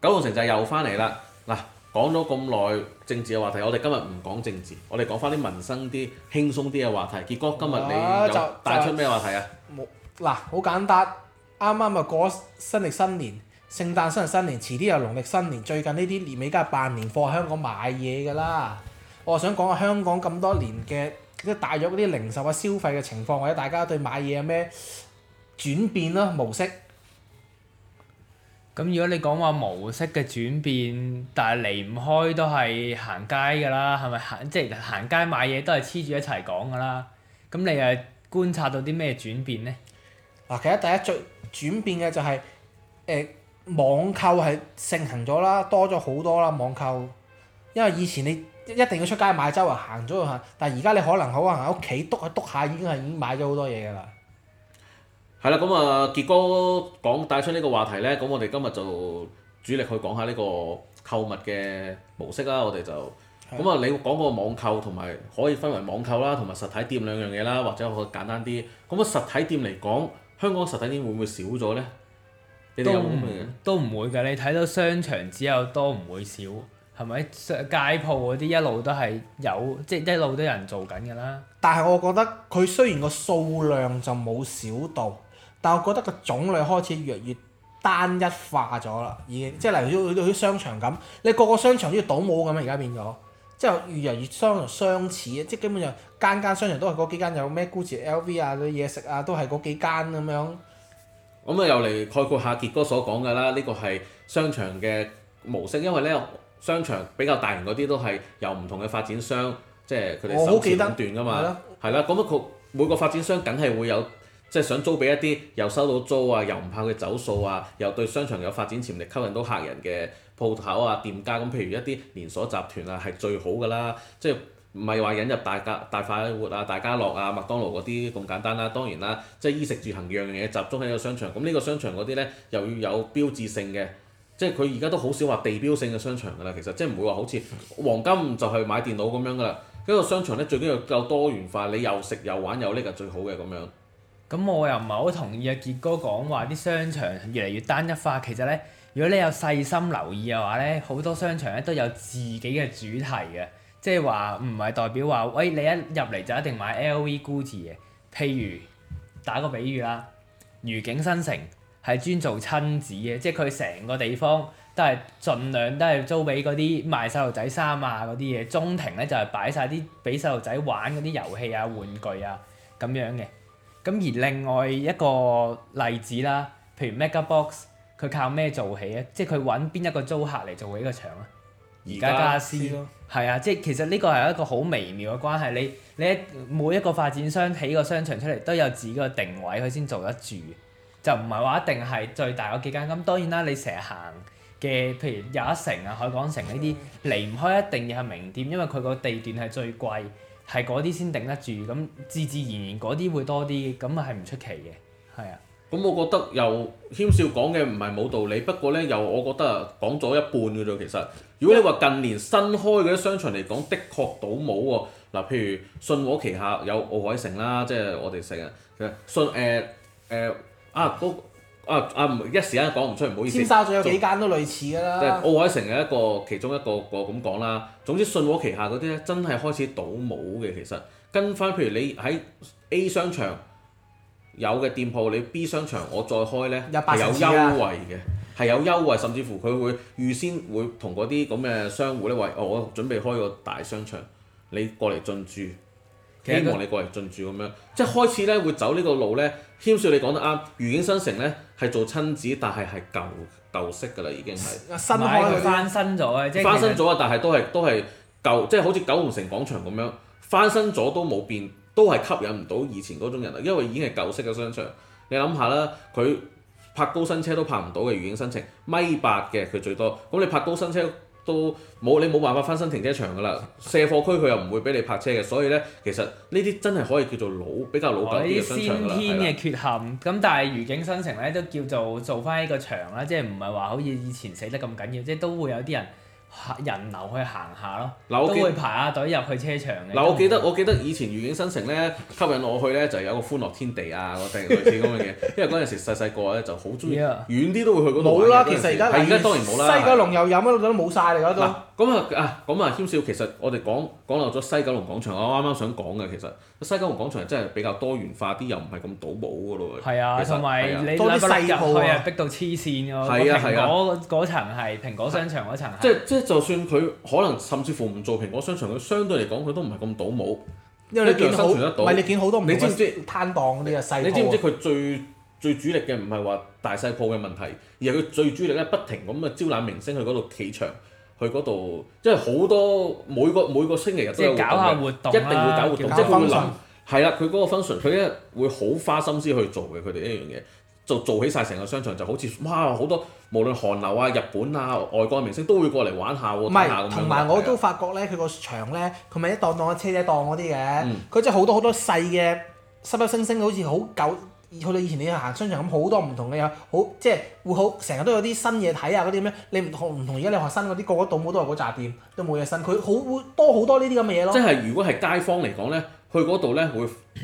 九龍城就又翻嚟啦！嗱，講咗咁耐政治嘅話題，我哋今日唔講政治，我哋講翻啲民生啲輕鬆啲嘅話題。結果今日你帶出咩話題啊？冇嗱，好、啊、簡單，啱啱啊過咗新歷新年，聖誕、新歷新年、新年，遲啲又農曆新年。最近呢啲年尾梗係辦年貨香港買嘢㗎啦。我想講下香港咁多年嘅即係大約嗰啲零售啊、消費嘅情況，或者大家對買嘢有咩轉變咯、模式。咁如果你講話模式嘅轉變，但係離唔開都係行街㗎啦，係咪？即係行街買嘢都係黐住一齊講㗎啦。咁你又係觀察到啲咩轉變咧？嗱，其實第一最轉變嘅就係、是、誒、欸、網購係盛行咗啦，多咗好多啦，網購。因為以前你一定要出街買，周圍行咗又行，但係而家你可能好啊，喺屋企篤下篤下已經係已經買咗好多嘢㗎啦。係啦，咁啊傑哥講帶出呢個話題咧，咁、嗯、我哋今日就主力去講下呢個購物嘅模式啦。我哋就咁啊是的、嗯，你講個網購同埋可以分為網購啦，同埋實體店兩樣嘢啦，或者我簡單啲。咁、嗯、啊，實體店嚟講，香港實體店會唔會少咗咧？都唔有冇都唔會㗎。你睇到商場只有多唔會少，係咪？商街鋪嗰啲一路都係有，即、就、係、是、一路都有人做緊㗎啦。但係我覺得佢雖然個數量就冇少到。但我覺得個種類開始越嚟越單一化咗啦，而即係例如啲啲啲商場咁，你個個商場都要倒模咁啊，而家變咗，即係越嚟越商場相似，即係基本上間間商場都係嗰幾間有咩 Gucci、啊、LV 啊嘅嘢食啊，都係嗰幾間咁樣。咁啊、嗯，又嚟概括下傑哥所講嘅啦，呢、呢個係商場嘅模式，因為咧商場比較大型嗰啲都係由唔同嘅發展商，即係佢哋首資壟斷㗎嘛，係啦，講到佢每個發展商梗係會有。即係想租俾一啲又收到租啊，又唔怕佢走數啊，又對商場有發展潛力、吸引到客人嘅鋪頭啊、店家咁，譬如一啲連鎖集團啊，係最好㗎啦。即係唔係話引入大家大快活啊、大家樂啊、麥當勞嗰啲咁簡單啦。當然啦，即係衣食住行樣樣嘢集中喺個商場。咁呢個商場嗰啲咧又要有標誌性嘅，即係佢而家都好少話地標性嘅商場㗎啦。其實即係唔會話好似黃金就係買電腦咁樣㗎啦。呢個商場咧最緊要夠多元化，你又食又玩又拎係最好嘅咁樣。咁我又唔係好同意阿傑哥講話啲商場越嚟越單一化，其實咧，如果你有細心留意嘅話咧，好多商場咧都有自己嘅主題嘅，即係話唔係代表話喂、哎，你一入嚟就一定買 LV Gucci 嘅。譬如打個比喻啦，愉景新城係專做親子嘅，即係佢成個地方都係盡量都係租俾嗰啲賣細路仔衫啊嗰啲嘢。中庭咧就係擺晒啲俾細路仔玩嗰啲遊戲啊玩具啊咁樣嘅。咁而另外一個例子啦，譬如 MegaBox，佢靠咩做起咧？即係佢揾邊一個租客嚟做呢個場啊？宜家家俬。係啊的，即係其實呢個係一個好微妙嘅關係。你你每一個發展商起個商場出嚟，都有自己個定位，佢先做得住。就唔係話一定係最大嗰幾間。咁當然啦，你成日行嘅，譬如又一城啊、海港城呢啲，離唔開一定要係名店，因為佢個地段係最貴。係嗰啲先頂得住，咁自自然然嗰啲會多啲，咁啊係唔出奇嘅，係啊。咁、嗯、我覺得又謙少講嘅唔係冇道理，不過咧又我覺得講咗一半嘅咋。其實如果你話近年新開嗰啲商場嚟講，嗯、的確到冇喎。嗱，譬如信和旗下有奧海城啦，即、就、係、是、我哋成日信誒誒、呃呃、啊嗰。那個啊啊！一時間講唔出，唔好意思。尖沙咀有幾間都類似噶啦。奧海城嘅一個其中一個個咁講啦。總之信和旗下嗰啲咧，真係開始倒模嘅。其實，其實跟翻譬如你喺 A 商場有嘅店鋪，你 B 商場我再開咧，係有優惠嘅，係有優惠，甚至乎佢會預先會同嗰啲咁嘅商戶咧話：哦，我準備開個大商場，你過嚟進駐。希望你過嚟進駐咁樣，即係開始咧會走呢個路咧。謙少你講得啱，愉景新城咧係做親子，但係係舊舊式噶啦，已經係新開翻新咗嘅，即係是翻新咗啊！但係都係都係舊，即係好似九龍城廣場咁樣翻新咗都冇變，都係吸引唔到以前嗰種人啊！因為已經係舊式嘅商場，你諗下啦，佢拍高新車都拍唔到嘅愉景新城，米八嘅佢最多。咁你拍高新車？都冇，你冇辦法翻新停車場噶啦，卸貨區佢又唔會俾你泊車嘅，所以咧，其實呢啲真係可以叫做老，比較老舊嘅先天嘅缺陷，咁的但係如景新城咧，都叫做做翻呢個場啦，即係唔係話好似以前死得咁緊要，即係都會有啲人。人流去行下咯。嗱，我會排下隊入去車場嘅。嗱，我記得我記得以前愉景新城咧吸引我去咧，就有個歡樂天地啊，定類似咁嘅嘢。因為嗰陣時細細個咧就好中意，遠啲都會去嗰度玩冇啦，其實而家而家當然冇啦。西九龍又有咩都冇晒嚟嗰度。咁啊啊，咁啊謙少，其實我哋講講漏咗西九龍廣場，我啱啱想講嘅，其實西九龍廣場真係比較多元化啲，又唔係咁賭博賭寶嘅咯。係啊，同埋多啲細舖啊，逼到黐線㗎。係啊係啊，嗰嗰層係蘋果商場嗰層。即就算佢可能甚至乎唔做蘋果商場，佢相對嚟講，佢都唔係咁倒冇，因為你生存得到。唔係你見好多唔同，你知唔知攤檔啲細鋪、啊、你知唔知佢最最主力嘅唔係話大細鋪嘅問題，而係佢最主力咧不停咁啊招攬明星去嗰度企場，去嗰度，即係好多每個每個星期日都有搞下活動，一定會搞活動，即係佢會諗，係啦、嗯，佢嗰個 function，佢咧會好花心思去做嘅，佢哋呢樣嘢。就做起晒成個商場，就好似哇好多，無論韓流啊、日本啊、外國明星都會過嚟玩下喎、啊。唔係是，同埋有、啊、我都發覺咧，佢個場咧，佢唔係一檔檔嘅車仔檔嗰啲嘅，佢真係好多好多細嘅，濕濕星星好似好舊，去到以前你行商場咁好多唔同嘅嘢，好即係會好成日都有啲新嘢睇啊嗰啲咩？你唔同唔同而家你學新嗰啲過得度冇都係嗰扎店，都冇嘢新。佢好多好多呢啲咁嘅嘢咯。即係，如果係街坊嚟講咧。去嗰度咧會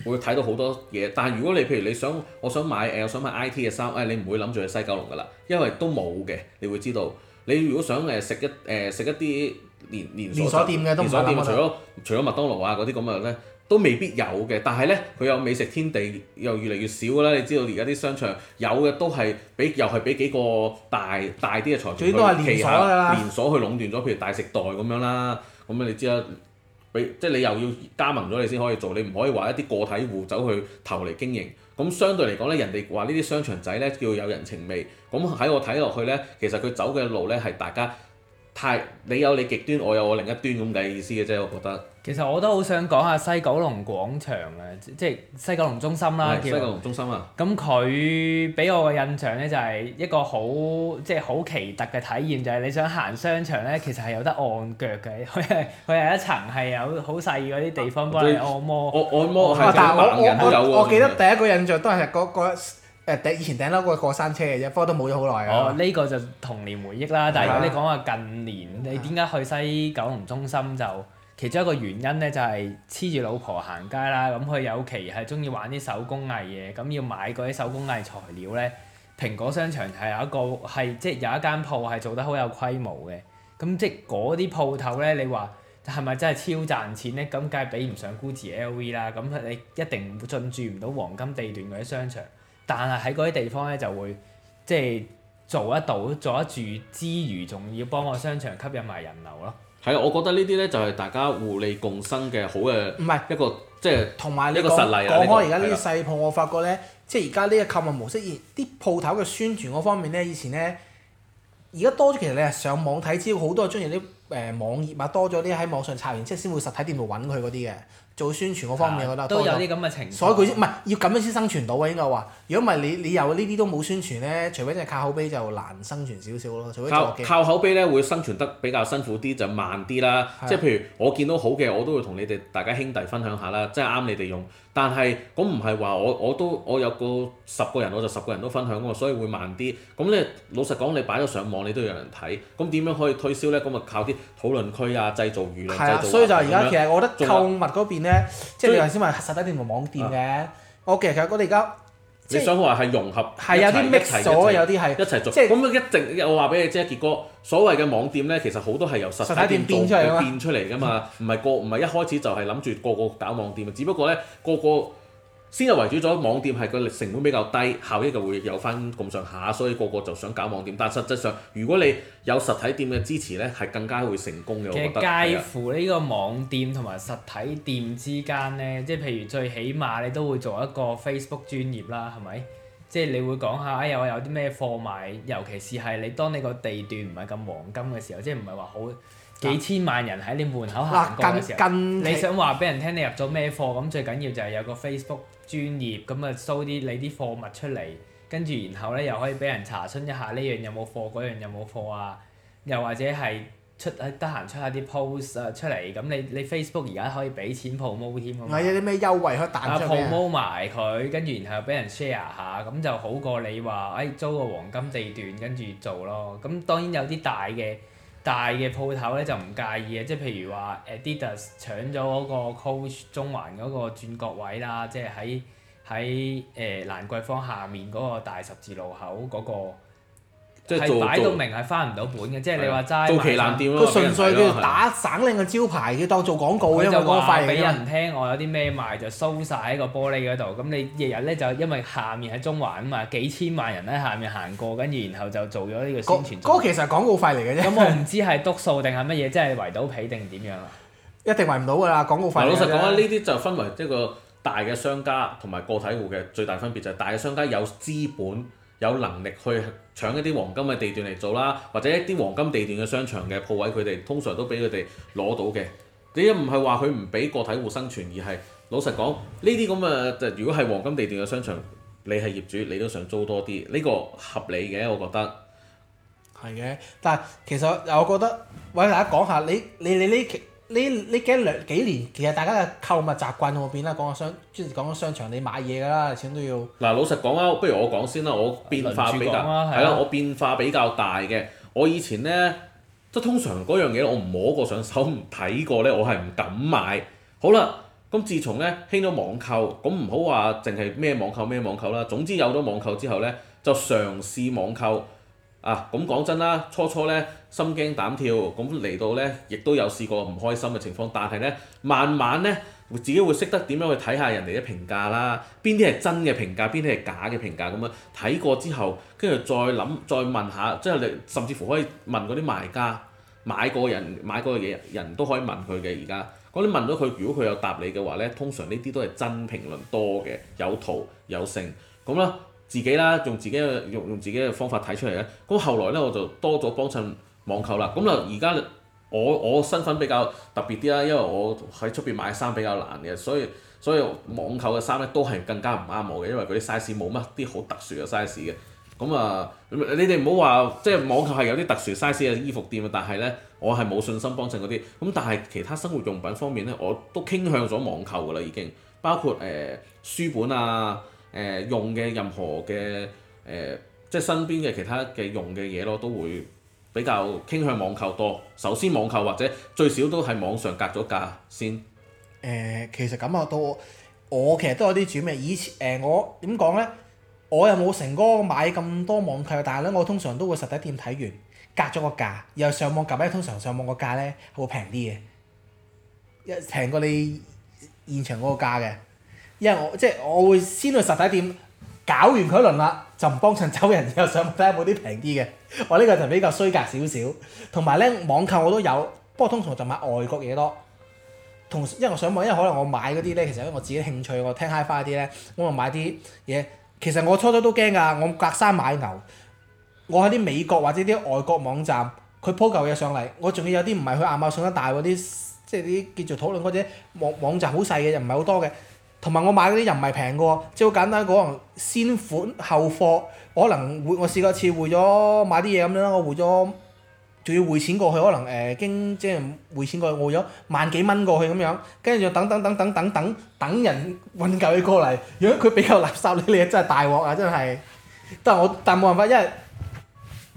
會睇到好多嘢，但係如果你譬如你想我想買誒我、呃、想買 IT 嘅衫，誒、哎、你唔會諗住去西九龍噶啦，因為都冇嘅，你會知道。你如果想誒食一誒食、呃、一啲連連鎖，連鎖店嘅都冇啦。連鎖店除咗除咗麥當勞啊嗰啲咁嘅咧，都未必有嘅。但係咧佢有美食天地又越嚟越少啦。你知道而家啲商場有嘅都係比又係比幾個大大啲嘅財團去旗下。連鎖去壟斷咗，譬如大食代咁樣啦，咁樣你知啦。即係你又要加盟咗，你先可以做。你唔可以話一啲個體戶走去投嚟，經營。咁相對嚟講咧，人哋話呢啲商場仔咧叫有人情味。咁喺我睇落去咧，其實佢走嘅路咧係大家。太，你有你極端，我有我另一端咁嘅意思嘅啫，我覺得。其實我都好想講下西九龍廣場啊，即係西九龍中心啦，叫。西九龍中心啊。咁佢俾我嘅印象咧，就係一個好即係好奇特嘅體驗，就係、係、你想行商場咧，其實係有得按腳嘅，佢係佢係一層係有好細嗰啲地方幫你、啊、係按摩。按按摩係。但係我我我，我，我記得第一個印象都係嗰、嗰個。嗰個誒頂以前頂撈個過山車嘅啫，不過都冇咗好耐啦。呢、哦呢個就童年回憶啦。但如果你講話近年，的你點解去西九龍中心就其中一個原因咧，就係黐住老婆行街啦。咁佢尤其係中意玩啲手工藝嘢，咁要買嗰啲手工藝材料咧，蘋果商場係有一個係即係有一間鋪係做得好有規模嘅。咁即係嗰啲鋪頭咧，你話係咪真係超賺錢咧？咁梗係比唔上 Gucci、L V 啦。咁你一定唔會進駐唔到黃金地段嗰啲商場。但係喺嗰啲地方咧就會即係做得到、做得住之餘，仲要幫個商場吸引埋人流咯。係啊，我覺得呢啲咧就係、是、大家互利共生嘅好嘅，唔係一個，是一個即係同埋時一個實例啦。講開而家呢啲細鋪，我發覺咧，即係而家呢個購物模式而啲鋪頭嘅宣傳嗰方面咧，以前咧，而家多咗。其實你係上網睇只要好多都中意啲誒網頁啊，多咗啲喺網上查完即係先會實體店度揾佢嗰啲嘅。做宣傳嗰方面，我覺得多啲，都有啲咁嘅情況，所以佢唔係要咁樣先生存到啊！應該話，如果唔係你你有呢啲都冇宣傳咧，除非你靠口碑就難生存少少咯。除非靠靠口碑咧，會生存得比較辛苦啲，就慢啲啦。的即係譬如我見到好嘅，我都會同你哋大家兄弟分享下啦。即係啱你哋用。嗯但係，咁唔係話我我都我有個十個人我就十個人都分享喎，所以會慢啲。咁你老實講，你擺咗上網，你都有人睇。咁點樣可以推銷咧？咁咪靠啲討論區啊，製造輿論，啊。係啊，所以就而家樣其實我覺得購物嗰邊咧，說即係你頭先話實體店同網店嘅。以 okay, 其實我覺得。嗰度你想話係融合係有啲 m i 有啲係一齊做，即咁啊！樣一直，我話俾你知，傑哥所謂嘅網店咧，其實好多係由實體實體店變出嚟咯，噶樣嘛，唔係個唔係一開始就係諗住個個搞網店，只不過咧個個。先係為主咗，網店係個成本比較低，效益就會有翻咁上下，所以個個就想搞網店。但實際上，如果你有實體店嘅支持咧，係更加會成功嘅。即介乎呢個網店同埋實體店之間咧，即係譬如最起碼你都會做一個 Facebook 專頁啦，係咪？即係你會講下哎呀我有啲咩貨賣，尤其是係你當你個地段唔係咁黃金嘅時候，即係唔係話好，幾千萬人喺你門口行過嘅時候，啊、你，你想話俾人聽你入咗咩貨，咁最緊要就係有個 Facebook 專頁，咁啊收啲你啲貨物出嚟，跟住然後咧又可以俾人查詢一下呢樣有冇貨，嗰樣有冇貨啊，又或者係出得閒出下啲 post、啊、出嚟，咁你你 Facebook 而家可以俾錢 promo 添、那個、啊，唔係有啲咩優惠可以彈出嚟啊 promo 埋佢，跟住然後俾人 share 下，咁就好過你話誒、哎、租個黃金地段跟住做咯，咁當然有啲大嘅。大嘅鋪頭咧就唔介意嘅，即係譬如話 Adidas 搶咗嗰個 Coach 中環嗰個轉角位啦，即係喺喺誒蘭桂坊下面嗰個大十字路口嗰個。即係擺到明係翻唔到本嘅，即係你話齋賣散店，佢純粹打省靚嘅招牌，佢當做廣告嘅，因為廣告費。俾人聽我有啲咩賣就 show 曬喺個玻璃嗰度，咁你日日咧就因為下面喺中環啊嘛，幾千萬人喺下面行過，跟住然後就做咗呢個宣傳。嗰嗰、嗰個、其實廣告費嚟嘅啫。咁我唔知係篤數定係乜嘢，即、就、係、係、圍到皮定點樣啊？ 一定圍唔到㗎啦，廣告費。老實講呢啲就分為即係個大嘅商家同埋個體戶嘅最大分別就係大嘅商家有資本。有能力去搶一啲黃金嘅地段嚟做啦，或者一啲黃金地段嘅商場嘅鋪位，佢哋通常都俾佢哋攞到嘅。你又唔係話佢唔俾個體戶生存，而係老實講，呢啲咁嘅，就如果係黃金地段嘅商場，你係業主，你都想租多啲，呢個合理嘅，我覺得。係嘅，但係其實我覺得，揾大家講下，你你你呢期。你呢幾兩幾年，其實大家嘅購物習慣會變啦。講個商，即係講緊商場，你買嘢㗎啦，錢都要。嗱，老實講啊，不如我講先啦。我變化比較大係啦，我變化比較大嘅。我以前咧，即係通常嗰樣嘢，我唔摸過上手，唔睇過咧，我係唔敢買。好啦，咁自從咧興咗網購，咁唔好話淨係咩網購咩網購啦。總之有咗網購之後咧，就嘗試網購。啊，咁講真啦，初初咧心驚膽跳，咁嚟到咧亦都有試過唔開心嘅情況，但係咧慢慢咧自己會識得點樣去睇下人哋嘅評價啦，邊啲係真嘅評價，邊啲係假嘅評價，咁樣睇過之後，跟住再諗，再問下，即係你甚至乎可以問嗰啲賣家，買過人買過嘢人都可以問佢嘅。而家嗰啲問咗佢，如果佢有答你嘅話咧，通常呢啲都係真評論多嘅，有圖有性。咁啦。自己啦，用自己嘅用用自己嘅方法睇出嚟咧。咁後來咧，我就多咗幫襯網購啦。咁啊，而家我我身份比較特別啲啦，因為我喺出邊買衫比較難嘅，所以所以網購嘅衫咧都係更加唔啱我嘅，因為嗰啲 size 冇乜啲好特殊嘅 size 嘅。咁啊，你哋唔好話即係網購係有啲特殊 size 嘅衣服店啊，但係咧我係冇信心幫襯嗰啲。咁但係其他生活用品方面咧，我都傾向咗網購噶啦，已經包括誒、呃、書本啊。誒用嘅任何嘅誒、呃，即係身邊嘅其他嘅用嘅嘢咯，都會比較傾向網購多。首先網購或者最少都係網上格咗價先。誒、呃，其實感覺到我其實都有啲轉變。以前誒、呃、我點講咧，我又冇成哥買咁多網購，但係咧我通常都會實體店睇完，格咗個價，然後上網揀咧，通常上網個價咧會平啲嘅，一平過你現場嗰個價嘅。因為我即係、就是、我會先去實體店搞完佢一輪啦，就唔幫襯走人，又上網睇下有冇啲平啲嘅。 我呢個就比較衰格少少。同埋咧，網購我都有，不過通常就買外國嘢多。同因為上網，因為可能我買嗰啲咧，其實因為我自己興趣，我聽 hi-fi 啲咧，我咪買啲嘢。其實我初初都驚㗎，我隔山買牛。我喺啲美國或者啲外國網站，佢鋪嚿嘢上嚟，我仲要有啲唔係去亞馬遜咁大喎，啲即係啲叫做討論或者網網站好細嘅，又唔係好多嘅。同埋我買嗰啲又唔係平嘅喎，即係好簡單講，先款後貨，可能會我試過一次匯咗買啲嘢咁樣，我匯咗仲要匯錢過去，可能誒、呃、經即係匯錢過去，我匯咗萬幾蚊過去咁樣，跟住又等等等等等等等人揾嚿嘢過嚟，如果佢比較垃圾，你你真係大鑊啊，真係，但係我但冇辦法，因為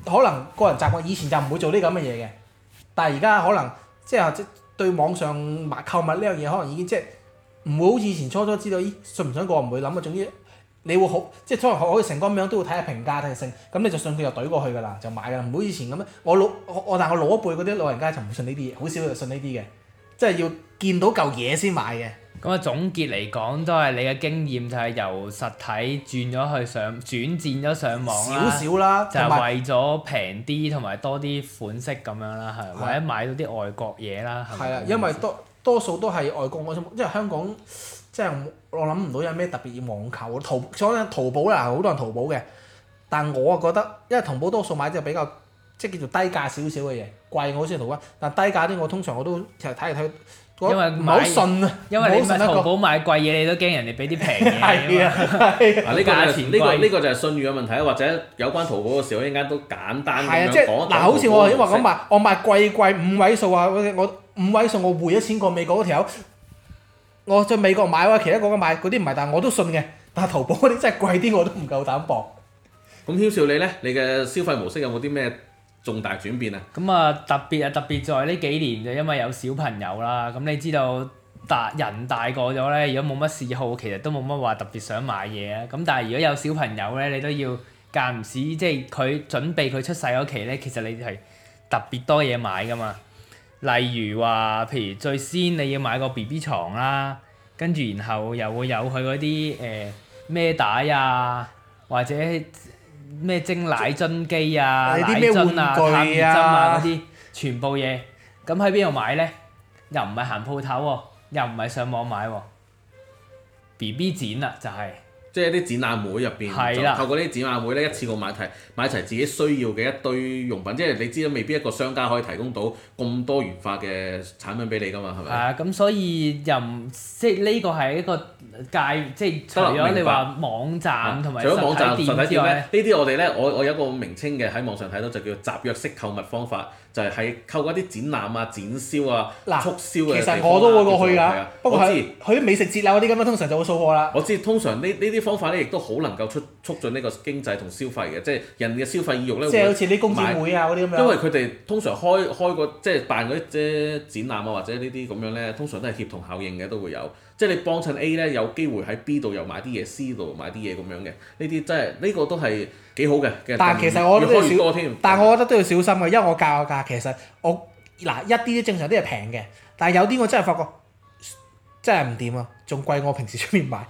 可能個人習慣，以前就唔會做啲咁嘅嘢嘅，但係而家可能即係即係對網上買購物呢樣嘢，可能已經即係。唔會好似以前初初知道，咦，信唔信過唔會諗啊！總之你會好，即係初學可以成個咁樣都會睇下評價睇下性。咁你就信佢就懟過去噶啦，就買啦。唔會以前咁，我老我我但係我老一輩嗰啲老人家就唔信呢啲嘢，好少就信呢啲嘅，即係要見到嚿嘢先買嘅。咁啊總結嚟講，都係你嘅經驗就係由實體轉咗去上轉戰咗上網少少啦，就為咗平啲同埋多啲款式咁樣啦，的或者買到啲外國嘢啦。係啊的，因為多。多數都係外國嗰種，因為香港即係我諗唔到有咩特別要網購，淘所以淘寶啦，好多人淘寶嘅。但我覺得，因為淘寶多數買即係比較即係叫做低價少少嘅嘢，貴我先少淘㗎。但係低價啲，我通常我都成睇嚟睇。看看因為唔係好信啊！因為你淘寶買貴嘢，你都驚人哋俾啲平嘢。係啊！嗱，呢、這個這個這個就係呢個呢個就係信譽嘅問題啦，或者有關淘寶嘅時候依家都簡單咁講嗱，就是、但好似我先話講買，我買貴貴五位數啊，嗰我。我五位數我匯咗錢過美國嗰條友，我在美國買或者其他國家買嗰啲唔係，但係我都信嘅。但係淘寶嗰啲真係貴啲，我都唔夠膽搏。咁軒少你咧，你嘅消費模式有冇啲咩重大轉變啊？咁啊，特別啊，特別在呢幾年就因為有小朋友啦。咁你知道大人大個咗咧，如果冇乜嗜好，其實都冇乜話特別想買嘢啊。咁但係如果有小朋友咧，你都要間唔時即係佢準備佢出世嗰期咧，其實你係特別多嘢買㗎嘛。例如話，譬如最先你要買個 B B 床啦，跟住然後又會有佢嗰啲誒孭帶啊，或者咩蒸奶樽機啊、中奶樽啊、呀探熱針啊嗰啲全部嘢。咁喺邊度買咧？又唔係行鋪頭喎，又唔係上網買喎。B B 展啦，就係、是。即係啲展覽會入邊，係嘅就透過啲展覽會咧，一次過買齊買齊自己需要嘅一堆用品。即係你知啦，未必一個商家可以提供到咁多元化嘅產品俾你㗎嘛，係咪？啊，咁所以又唔即係呢個係一個界，即係除咗你話網站同埋實體店之外咧，啊啊、外呢啲我哋咧，我我有一個名稱嘅喺網上睇到，就叫做集約式購物方法。就係透過嗰啲展覽啊、展銷啊、促銷啊，其實我都會過去㗎。的不過我知，佢啲美食節啊嗰啲咁樣，通常就會掃貨啦。我知通常呢呢啲方法咧，亦都好能夠促促進呢個經濟同消費嘅，即係人嘅消費意欲咧。即係好似啲工展會啊嗰啲咁樣。買因為佢哋通常開開個即係辦嗰啲即展覽啊，或者呢啲咁樣咧，通常都係協同效應嘅，都會有。即係你幫襯 A 咧，有機會喺 B 度又買啲嘢，C 度買啲嘢咁樣嘅，呢啲真係呢個都係幾好嘅。但係其實我都都要小心，越越但係我覺得都要小心啊！因為我教我價其實我嗱一啲正常啲係平嘅，但係有啲我真係發覺真係唔掂啊，仲貴過我平時出面買，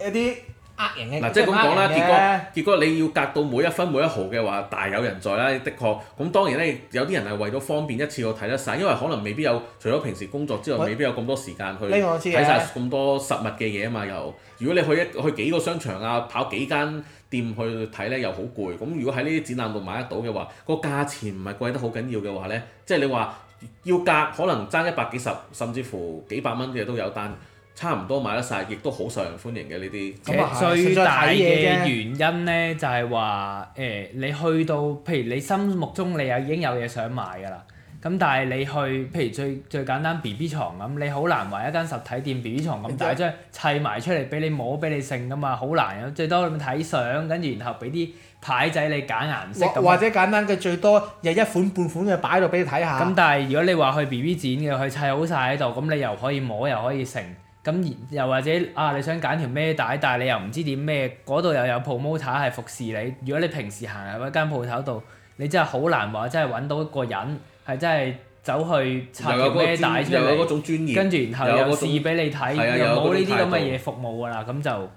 一啲。呃人嘅嗱，即係咁講啦，結果結果你要隔到每一分每一毫嘅話，大有人在啦。的確，咁當然咧，有啲人係為咗方便一次過睇得晒，因為可能未必有除咗平時工作之外，我未必有咁多時間去睇晒咁多實物嘅嘢啊嘛。又如果你去一去幾個商場啊，跑幾間店去睇咧，又好攰。咁如果喺呢啲展覽度買得到嘅話，個價錢唔係貴得好緊要嘅話咧，即係你話要隔可能爭一百幾十，甚至乎幾百蚊嘅都有單。差唔多買得晒，亦都好受人歡迎嘅呢啲。咁啊， 最大嘅原因咧、啊、就係話誒，你去到譬如你心目中你又已經有嘢想買㗎啦。咁但係你去譬如最最簡單 B B 床，咁，你好難話一間實體店 B B 床咁大張砌埋出嚟俾你摸俾你剩㗎嘛，好難。最多你睇相，跟住然後俾啲牌仔你揀顏色。或者簡單嘅最多有一款半款嘅擺到俾你睇下。咁但係如果你話去 B B 展嘅，去砌好晒喺度，咁你又可以摸又可以剩。咁而、嗯、又或者啊，你想揀條孭帶，但係你又唔知點咩，嗰度、嗯、又有 promoter 係服侍你。如果你平時行入一間鋪頭度，你真係好難話，真係揾到一個人係真係走去拆條孭帶出嚟，跟住然後又，又、那個、試俾你睇，又冇呢啲咁嘅嘢服務㗎啦。咁就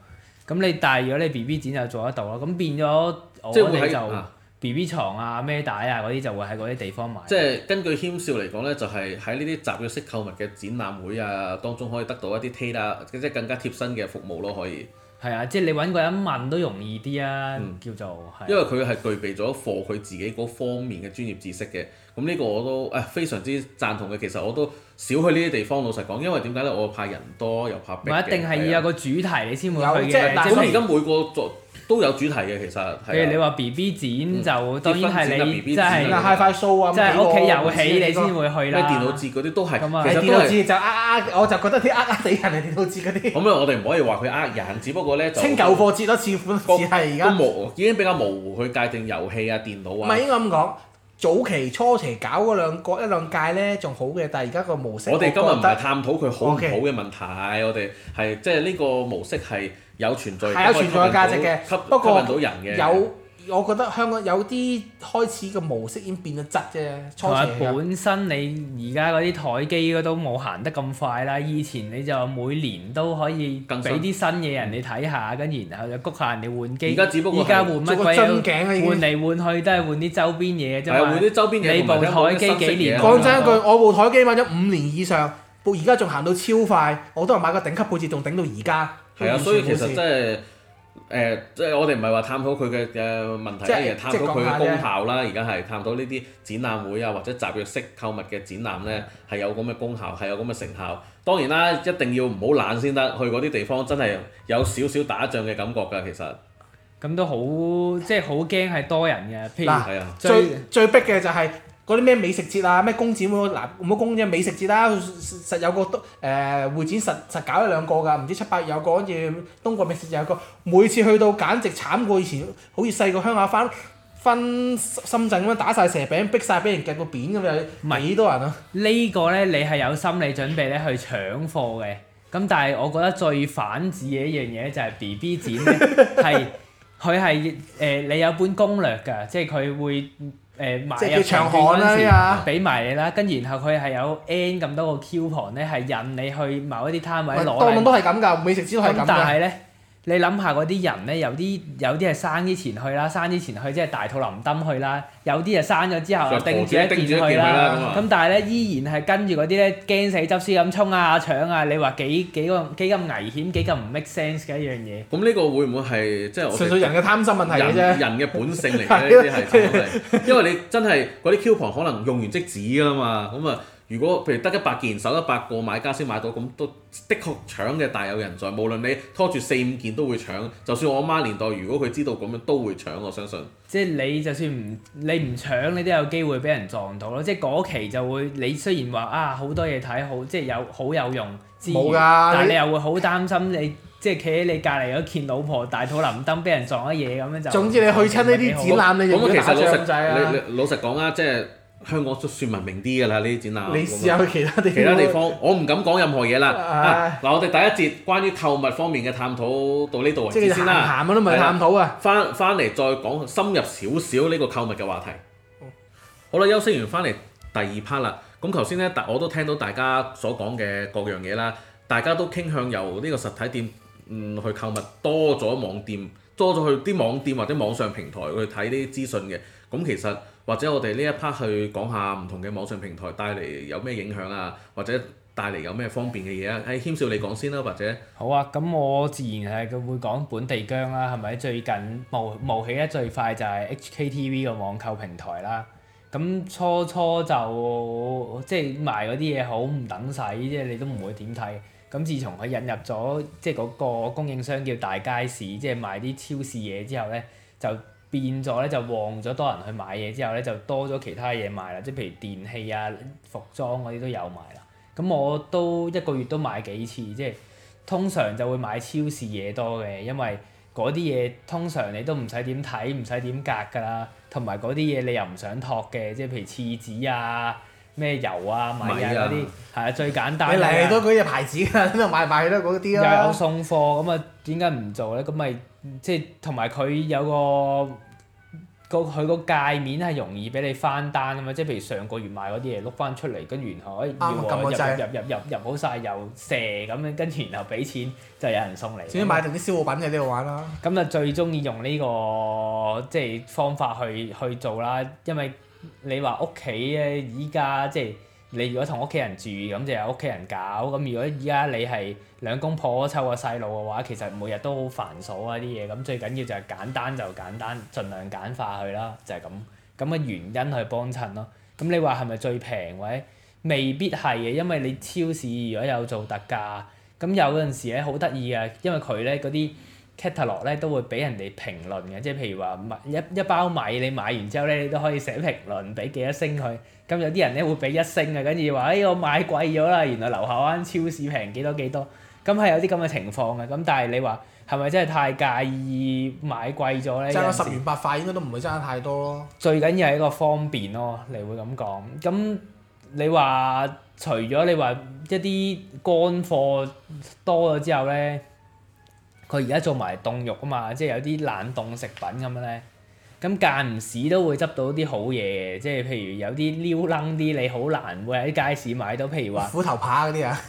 咁你，但係如果你 B B 展就做得到咯。咁變咗我哋就。B B 床啊、咩帶啊嗰啲就會喺嗰啲地方買。即係根據謙少嚟講呢，就係喺呢啲集約式購物嘅展覽會啊當中，可以得到一啲 t a 其他即係更加貼身嘅服務咯。可以。係啊，即係你揾個人問都容易啲啊，嗯、叫做。啊、因為佢係具備咗貨佢自己嗰方面嘅專業知識嘅，咁呢個我都誒非常之贊同嘅。其實我都少去呢啲地方，老實講，因為點解呢？我怕人多又怕。唔係一定係要有個主題你先、啊、會去嘅。咁而家每個作。都有主題嘅，其實，譬如你話 BB 展就，就當然係你即係 Hi-Fi show 啊，即係屋企遊戲你先會去啦。咩電腦節嗰啲都係，其實電腦節就呃呃，我就覺得啲呃呃地人嘅電腦節嗰啲。咁啊，我哋唔可以話佢呃人，只不過咧清舊貨節一次款次係而家。都模已經比較模糊去界定遊戲啊、電腦啊。唔係，應該咁講，早期初期搞嗰兩個一兩屆咧仲好嘅，但係而家個模式，我哋今日唔係探討佢好唔好嘅問題，我哋係即係呢個模式係。有存在係有存在嘅價值嘅，不過有，我覺得香港有啲開始個模式已經變咗質啫。初時本身你而家嗰啲台機都冇行得咁快啦，以前你就每年都可以俾啲新嘢人你睇下，跟住然後就谷下人哋換機。而家只不過換個針頸啊，換嚟換去都係換啲周邊嘢啫。換啲周邊嘢。你部台機幾年？講真一句，我部台機買咗五年以上，到而家仲行到超快，我都係買個頂級配置，仲頂到而家。係啊，所以其實真係誒、呃，即係我哋唔係話探討佢嘅誒問題，而係是探討佢嘅功效啦。而家係探討呢啲展覽會啊，或者集約式購物嘅展覽呢，係有咁嘅功效，係有咁嘅成效。當然啦、啊，一定要唔好懶先得，去嗰啲地方真係有少少打仗嘅感覺㗎。其實咁都好，即係好驚係多人嘅。譬如，啊、最最逼嘅就係、是。嗰啲咩美食節啊，咩工展會嗱，冇工展美食節啦、啊，實有個東誒、呃、會展實實搞一兩個㗎，唔知七八月有個好似東國美食節有個，每次去到簡直慘過以前，好似細個鄉下翻翻，翻深圳咁樣打晒蛇餅，逼晒俾人夾個扁咁樣。咪好多人啊！呢個、呢個咧你係有心理準備咧去搶貨嘅，咁但係我覺得最反智嘅一樣嘢就係 B B 展咧，係佢係誒你有本攻略㗎，即係佢會。誒、呃、買入場券嗰陣俾埋你啦，跟住然後佢係有 n 咁多個 coupon 咧，係引你去某一啲攤位攞。大部分都係咁㗎，美食節都係咁。但係咧。你諗下嗰啲人咧，有啲有啲係生之前去啦，生之前去即係大肚林燈去啦，有啲係生咗之後就定住一箭去啦，咁但係咧依然係跟住嗰啲咧驚死執輸咁衝啊，搶啊，你話幾幾咁幾咁危險幾咁唔 make sense 嘅一樣嘢。咁呢個會唔會係即係我純粹人嘅貪心問題啫？人嘅本性嚟嘅呢啲係，因為你真係嗰啲 coupon 可能用完即止㗎嘛，咁啊。如果譬如得一百件，首一百個買家先買到，咁都的確搶嘅大有人在。無論你拖住四五件都會搶，就算我阿媽年代，如果佢知道咁樣都會搶，我相信。即係你就算唔你唔搶，你都有機會俾人撞到咯。即係嗰期就會，你雖然話啊好多嘢睇好，即係有好有用資源，的但係你又會好擔心你即係企喺你隔離嗰件老婆大肚林登俾人撞咗嘢咁樣就。總之你去親呢啲展覽，就好展覽你認得啲將仔啊？實老實講啊，即係。香港都算文明啲㗎啦，呢啲展覽。你試下去其他地方。其他地方，我唔敢講任何嘢啦。嗱、 啊，我哋第一節關於購物方面嘅探討到呢度為止先啦。行行行都唔係探討啊。翻翻嚟再講深入少少呢個購物嘅話題。嗯、好。好啦，休息完翻嚟第二 part 啦。咁頭先咧，我都聽到大家所講嘅各樣嘢啦，大家都傾向由呢個實體店嗯去購物多咗網店，多咗去啲網店或者網上平台去睇啲資訊嘅。咁其實。或者我哋呢一 part 去講下唔同嘅網上平台帶嚟有咩影響啊，或者帶嚟有咩方便嘅嘢啊？誒、哎，謙少你講先啦、啊，或者好啊，咁我自然係會講本地薑啦、啊，係咪？最近冒冒起得最快就係 HKTV 個網購平台啦、啊。咁初初就即係、就是、賣嗰啲嘢好唔等使，即係你都唔會點睇。咁自從佢引入咗即係嗰個供應商叫大街市，即、就、係、是、賣啲超市嘢之後咧，就變咗咧就旺咗，多人去買嘢之後咧就多咗其他嘢賣啦，即係譬如電器啊、服裝嗰啲都有賣啦。咁我都一個月都買幾次，即係通常就會買超市嘢多嘅，因為嗰啲嘢通常你都唔使點睇，唔使點格噶啦，同埋嗰啲嘢你又唔想托嘅，即係譬如廁紙啊、咩油啊、米啊嗰啲，係啊，最簡單。你嚟多嗰啲牌子 啊，咁啊買買啦嗰啲啊。又有送貨，咁啊點解唔做咧？咁咪即係同埋佢有個。個佢個界面係容易俾你翻單啊嘛，即係譬如上個月買嗰啲嘢碌翻出嚟，跟住然後誒要撳入下入入入入，入好晒，又射咁樣，跟住然後俾錢就有人送你。主要買定啲消耗品嘅都要玩啦。咁么就最中意用呢、這個即係方法去去做啦，因為你話屋企咧依家即係。你如果同屋企人住咁就有屋企人搞，咁如果而家你係兩公婆湊個細路嘅話，其實每日都好繁瑣啊啲嘢，咁最緊要就係簡單就簡單，儘量簡化佢啦，就係、是、咁。咁嘅原因去幫襯咯。咁你話係咪最平位？未必係嘅，因為你超市如果有做特價，咁有陣時咧好得意嘅，因為佢咧嗰啲。catalog 咧都會俾人哋評論嘅，即係譬如話米一一包米你買完之後咧，你都可以寫評論，俾幾多星佢。咁有啲人咧會俾一星嘅，跟住話誒我買貴咗啦，原來樓下嗰間超市平幾多幾多。咁係有啲咁嘅情況嘅。咁但係你話係咪真係太介意買貴咗咧？爭十元八塊應該都唔會爭得太多咯。最緊要係一個方便咯，你會咁講。咁你話除咗你話一啲乾貨多咗之後咧？佢而家做埋凍肉啊嘛，即係有啲冷凍食品咁樣咧。咁間唔時都會執到啲好嘢，即係譬如有啲撩楞啲，你好難會喺街市買到。譬如話，虎頭扒嗰啲啊，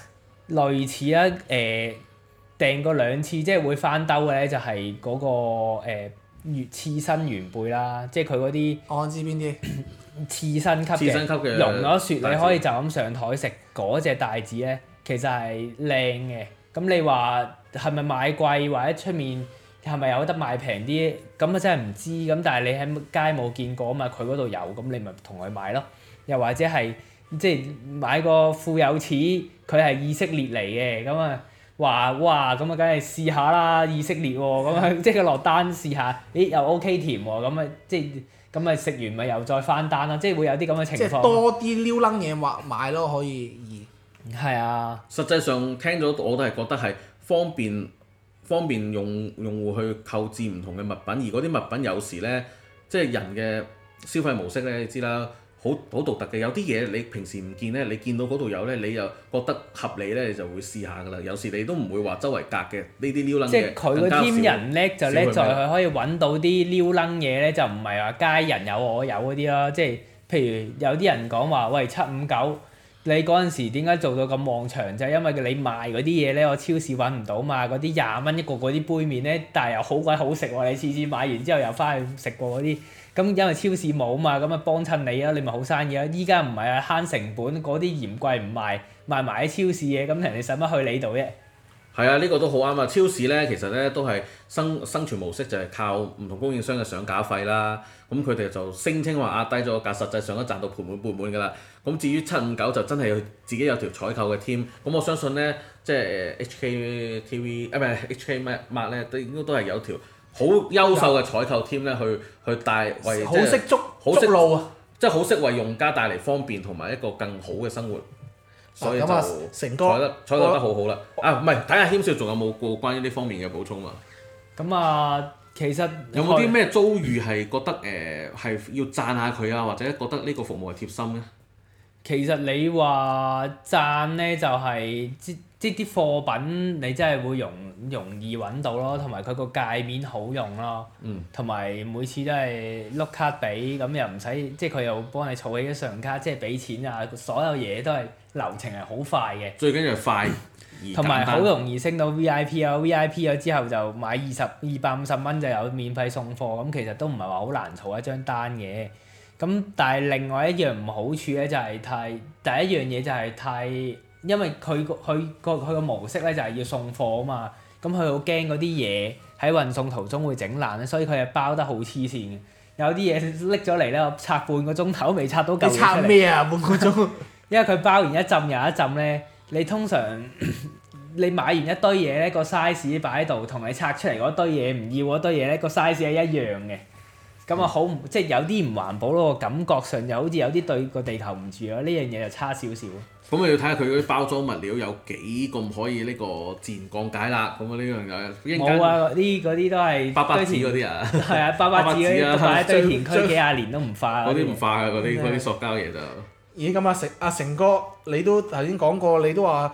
類似啦。誒、呃，訂過兩次即係會翻兜嘅咧、那個，就係嗰個誒魚刺身元貝啦，即係佢嗰啲。我唔知邊啲？刺身，刺身級嘅。融咗雪，次你可以就咁上枱食嗰隻帶子咧，其實係靚嘅。咁你話？係咪買貴或者出面係咪有得買平啲？咁啊真係唔知咁，但係你喺街冇見過啊嘛，佢嗰度有，咁你咪同佢買咯。又或者係即係買個富有錢，佢係以色列嚟嘅，咁啊話哇，咁啊梗係試下啦，以色列喎、啊，咁啊即係佢落單試下，咦又 OK 甜喎、啊，咁咪即係咁咪食完咪又再翻單咯、啊，即係會有啲咁嘅情況。多啲撩撚嘢或買咯，可以，以。係啊，實際上聽咗我都係覺得係方便方便用用戶去購置唔同嘅物品，而嗰啲物品有時咧，即係人嘅消費模式咧，你知啦，好好獨特嘅。有啲嘢你平時唔見咧，你見到嗰度有咧，你又覺得合理咧，你就會試下噶啦。有時你都唔會話周圍隔嘅呢啲撩楞嘢。即係佢嘅添人叻就叻在佢可以揾到啲撩楞嘢咧，就唔係話街人有我有嗰啲囉。即係譬如有啲人講話喂，七五九。你嗰陣時點解做到咁旺場啫？就係因為你賣嗰啲嘢咧，我超市揾唔到嘛。嗰啲廿蚊一個嗰啲杯麵咧，但係又好鬼好食喎。你次次買完之後又翻去食過嗰啲。咁因為超市冇嘛，咁咪幫襯你咯，你咪好生意咯。依家唔係啊，慳成本，嗰啲嫌貴唔賣，賣埋喺超市嘢，咁人哋使乜去你度啫？係啊，呢、呢個都好啱啊！超市咧，其實咧都係生生存模式，就係靠唔同供應商嘅上架費啦。咁佢哋就聲稱話壓低咗價，實際上都賺到盆滿缽滿㗎啦。咁至於七五九就真係自己有條採購嘅 team。咁我相信咧，即係 HKTV 啊、嗯，唔係 HKmall 咧，都應該都係有條好優秀嘅採購 team 咧有，去去帶為好識捉，好識、就是、路啊！即係好、就是、好識為用家帶嚟方便同埋一個更好嘅生活。所以就採得採哥得，得得好好啦我啊，唔係，睇下謙少仲有冇過關於呢方面嘅補充啊。咁啊、嗯，其實，有冇啲咩遭遇係覺得誒，係、嗯呃、要讚下佢啊，或者覺得呢個服務係貼心咧？其實你話讚咧，就係即即啲貨品你真係會用。咁容易揾到咯，同埋佢個界面好用咯，同埋、嗯、每次都係碌卡俾，咁又唔使，即係佢又幫你儲起啲信用卡，即係俾錢啊，所有嘢都係流程係好快嘅。最緊要係快，同埋好容易升到 VIP 咯、啊啊，VIP 咗之後就買二十二百五十蚊就有免費送貨，咁其實都唔係話好難儲一張單嘅。咁但係另外一樣唔好處咧，就係太，第一樣嘢就係太，因為佢個佢個佢個模式咧就係要送貨啊嘛。咁佢好驚嗰啲嘢喺運送途中會整爛咧，所以佢係包得好黐線嘅。有啲嘢拎咗嚟咧，我拆半個鐘頭都未拆到嚿嘢出嚟。拆咩啊？半個鐘。 因為佢包完一浸又一浸咧，你通常 你買完一堆嘢咧，個 size 擺喺度，同你拆出嚟嗰堆嘢唔要嗰堆嘢咧，個 size 係一樣嘅。咁啊，好即係有啲唔環保咯，感覺上又好似有啲對個地球唔住咯，呢樣嘢又差少少。咁又、嗯、要睇下佢嗰啲包裝物料有幾咁可以呢個自然降解啦。咁啊，呢樣嘢冇啊，啲嗰啲都係。八八紙嗰啲啊。係啊田，八八紙啊，擺啊，堆填區幾廿年都唔化。嗰啲唔化啊，嗰啲嗰啲塑膠嘢就。咦，咁啊，成阿、啊、成哥，你都頭先講過，你都話。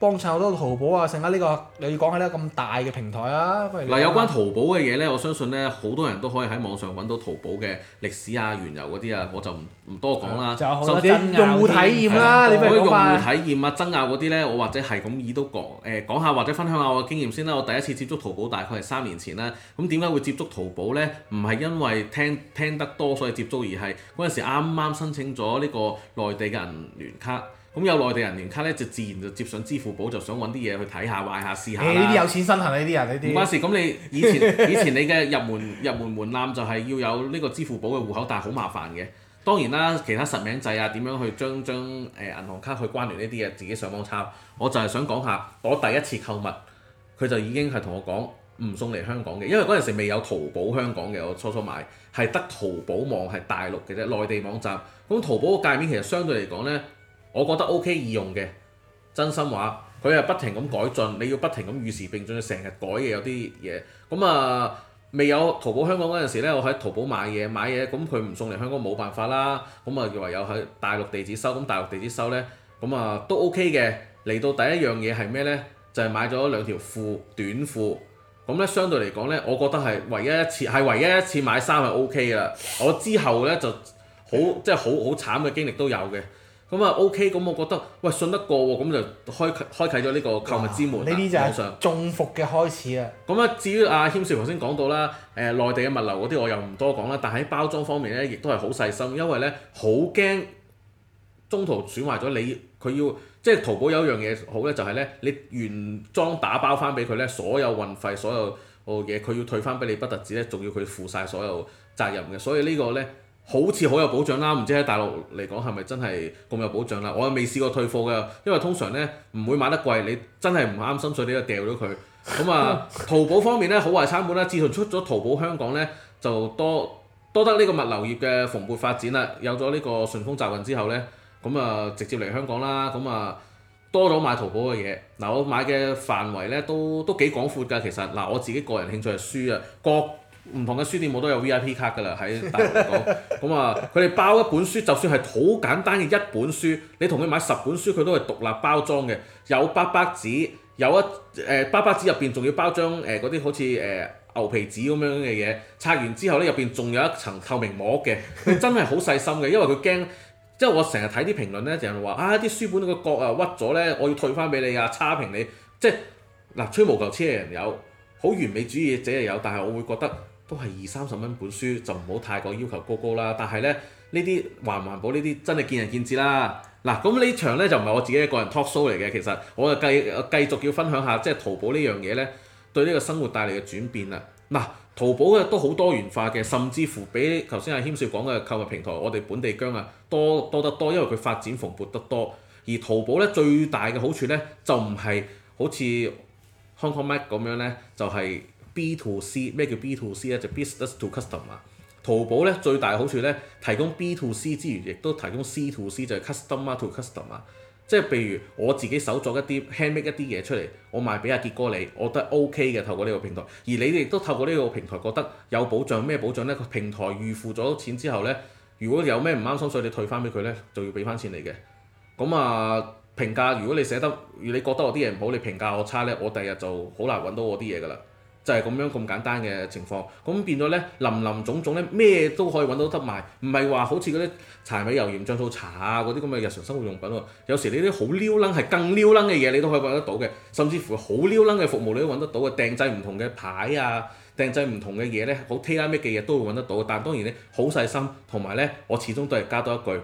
幫襯好多淘寶啊，成間呢個又要講起呢個咁大嘅平台啊。嗱，有關淘寶嘅嘢咧，我相信咧好多人都可以喺網上揾到淘寶嘅歷史啊、源由嗰啲啊，我就唔唔多講啦、嗯。就啲就用戶體驗啦、啊，對你咪講下。用戶體驗啊，爭拗嗰啲咧，我或者係咁意都講，誒、呃、講下或者分享下我嘅經驗先啦。我第一次接觸淘寶大概係三年前啦。咁點解會接觸淘寶咧？唔係因為聽聽得多所以接觸而，而係嗰陣時啱啱申請咗呢個內地嘅銀聯卡。咁有內地人員卡咧，就自然就接上支付寶，就想揾啲嘢去睇下、玩下、試下。你呢啲有錢身痕呢啲人，呢啲些。唔些關事。咁你以前 以前你嘅入門入門門檻就係要有呢個支付寶嘅戶口，但係好麻煩嘅。當然啦，其他實名制啊，點樣去將張誒銀行卡去關聯呢啲嘢，自己上網抄。我就係想講下，我第一次購物，佢就已經係同我講唔送嚟香港嘅，因為嗰陣時未有淘寶香港嘅。我初初買係得淘寶網係大陸嘅啫，內地網站。咁淘寶嘅界面其實相對嚟講咧。我覺得 OK 易用嘅，真心話，佢係不停咁改進，你要不停咁與時並進，成日改嘅有啲嘢。咁、嗯、啊，未有淘寶香港嗰陣時咧，我喺淘寶買嘢買嘢，咁佢唔送嚟香港冇辦法啦。咁、嗯、啊，唯有喺大陸地址收，咁、嗯、大陸地址收咧，咁、嗯、啊都 OK 嘅。嚟到第一樣嘢係咩咧？就係、是、買咗兩條褲短褲。咁、嗯、咧相對嚟講咧，我覺得係唯一一次，係唯一一次買衫係 OK 噶啦。我之後咧就好即係好好慘嘅經歷都有嘅。咁啊 OK，咁我覺得喂信得過喎，咁就開啟開啓咗呢個購物之門。呢啲就係中伏嘅開始啊！咁啊，至於阿謙少頭先講到啦，誒、呃、內地嘅物流嗰啲我又唔多講啦。但喺包裝方面咧，亦都係好細心，因為咧好驚中途損壞咗你，佢要即係淘寶有一樣嘢好咧，就係、是、咧你原裝打包翻俾佢咧，所有運費、所有嘅嘢，佢要退翻俾你不特止咧，仲要佢負晒所有責任嘅。所以個呢個咧。好似好有保障啦、啊，唔知喺大陸嚟講係咪真係咁有保障啦、啊？我又未試過退貨㗎，因為通常咧唔會買得貴，你真係唔啱心水你就掉咗佢。咁啊，淘寶方面咧好壞參半啦。自從出咗淘寶香港咧，就多多得呢個物流業嘅蓬勃發展啦。有咗呢個順豐集運之後咧，咁啊直接嚟香港啦，咁啊多咗買淘寶嘅嘢。嗱，我買嘅範圍咧都都幾廣闊㗎，其實嗱我自己個人興趣係書啊，歌。唔同嘅書店我都有 V.I.P 卡㗎啦，喺大陸嚟講，咁啊佢哋包一本書，就算係好簡單嘅一本書，你同佢買十本書，佢都係獨立包裝嘅，有八百紙，有一誒巴巴紙入邊仲要包張誒嗰啲好似誒、呃、牛皮紙咁樣嘅嘢，拆完之後咧入邊仲有一層透明膜嘅，佢真係好細心嘅，因為佢驚，即係我成日睇啲評論咧，就係話啊啲書本個角啊屈咗咧，我要退翻俾你啊，差評你，即係嗱吹毛求疵嘅人有，好完美主義者又有，但係我會覺得。都係二三十蚊本書就唔好太過要求高高啦。但係咧呢啲環唔環保呢啲真係見仁見智啦。嗱咁呢場咧就唔係我自己一個人 talk show 嚟嘅，其實我啊繼啊繼續要分享下即係、就是、淘寶呢樣嘢咧對呢個生活帶嚟嘅轉變啦。嗱淘寶嘅都好多元化嘅，甚至乎比頭先阿軒少講嘅購物平台，我哋本地薑啊多多得多，因為佢發展蓬勃得多。而淘寶咧最大嘅好處咧就唔係好似 Hong Kong Mac 咁樣咧，就係。就是 B to C 咩叫 B to C 咧？就係 business to customer 啊。淘寶咧最大好處咧，提供 B to C 之餘，亦都提供 C to C，就 customer to customer。即係譬如我自己手作一啲 handmade 一啲嘢出嚟，我賣俾阿杰哥你，我覺得 OK 嘅。透過呢個平台，而你亦都透過呢個平台覺得有保障咩保障咧？平台預付咗錢之後咧，如果有咩唔啱心水，你退翻俾佢咧，就要俾翻錢你嘅。咁啊評價，如果你寫得，如果你覺得我啲嘢唔好，你評價我差咧，我第日就好難揾到我啲嘢噶啦。就係咁樣咁簡單嘅情況，咁變咗咧，林林總總咧，咩都可以揾到得埋。唔係話好似嗰啲柴米油鹽醬醋茶啊嗰啲咁嘅日常生活用品喎、啊。有時你啲好撩僆係更撩僆嘅嘢，你都可以揾得到嘅，甚至乎好撩僆嘅服務你都揾得到嘅。訂製唔同嘅牌啊，訂製唔同嘅嘢咧，好 tailor-made 嘅嘢都會揾得到。但係當然咧，好細心同埋咧，我始終都係加多一句。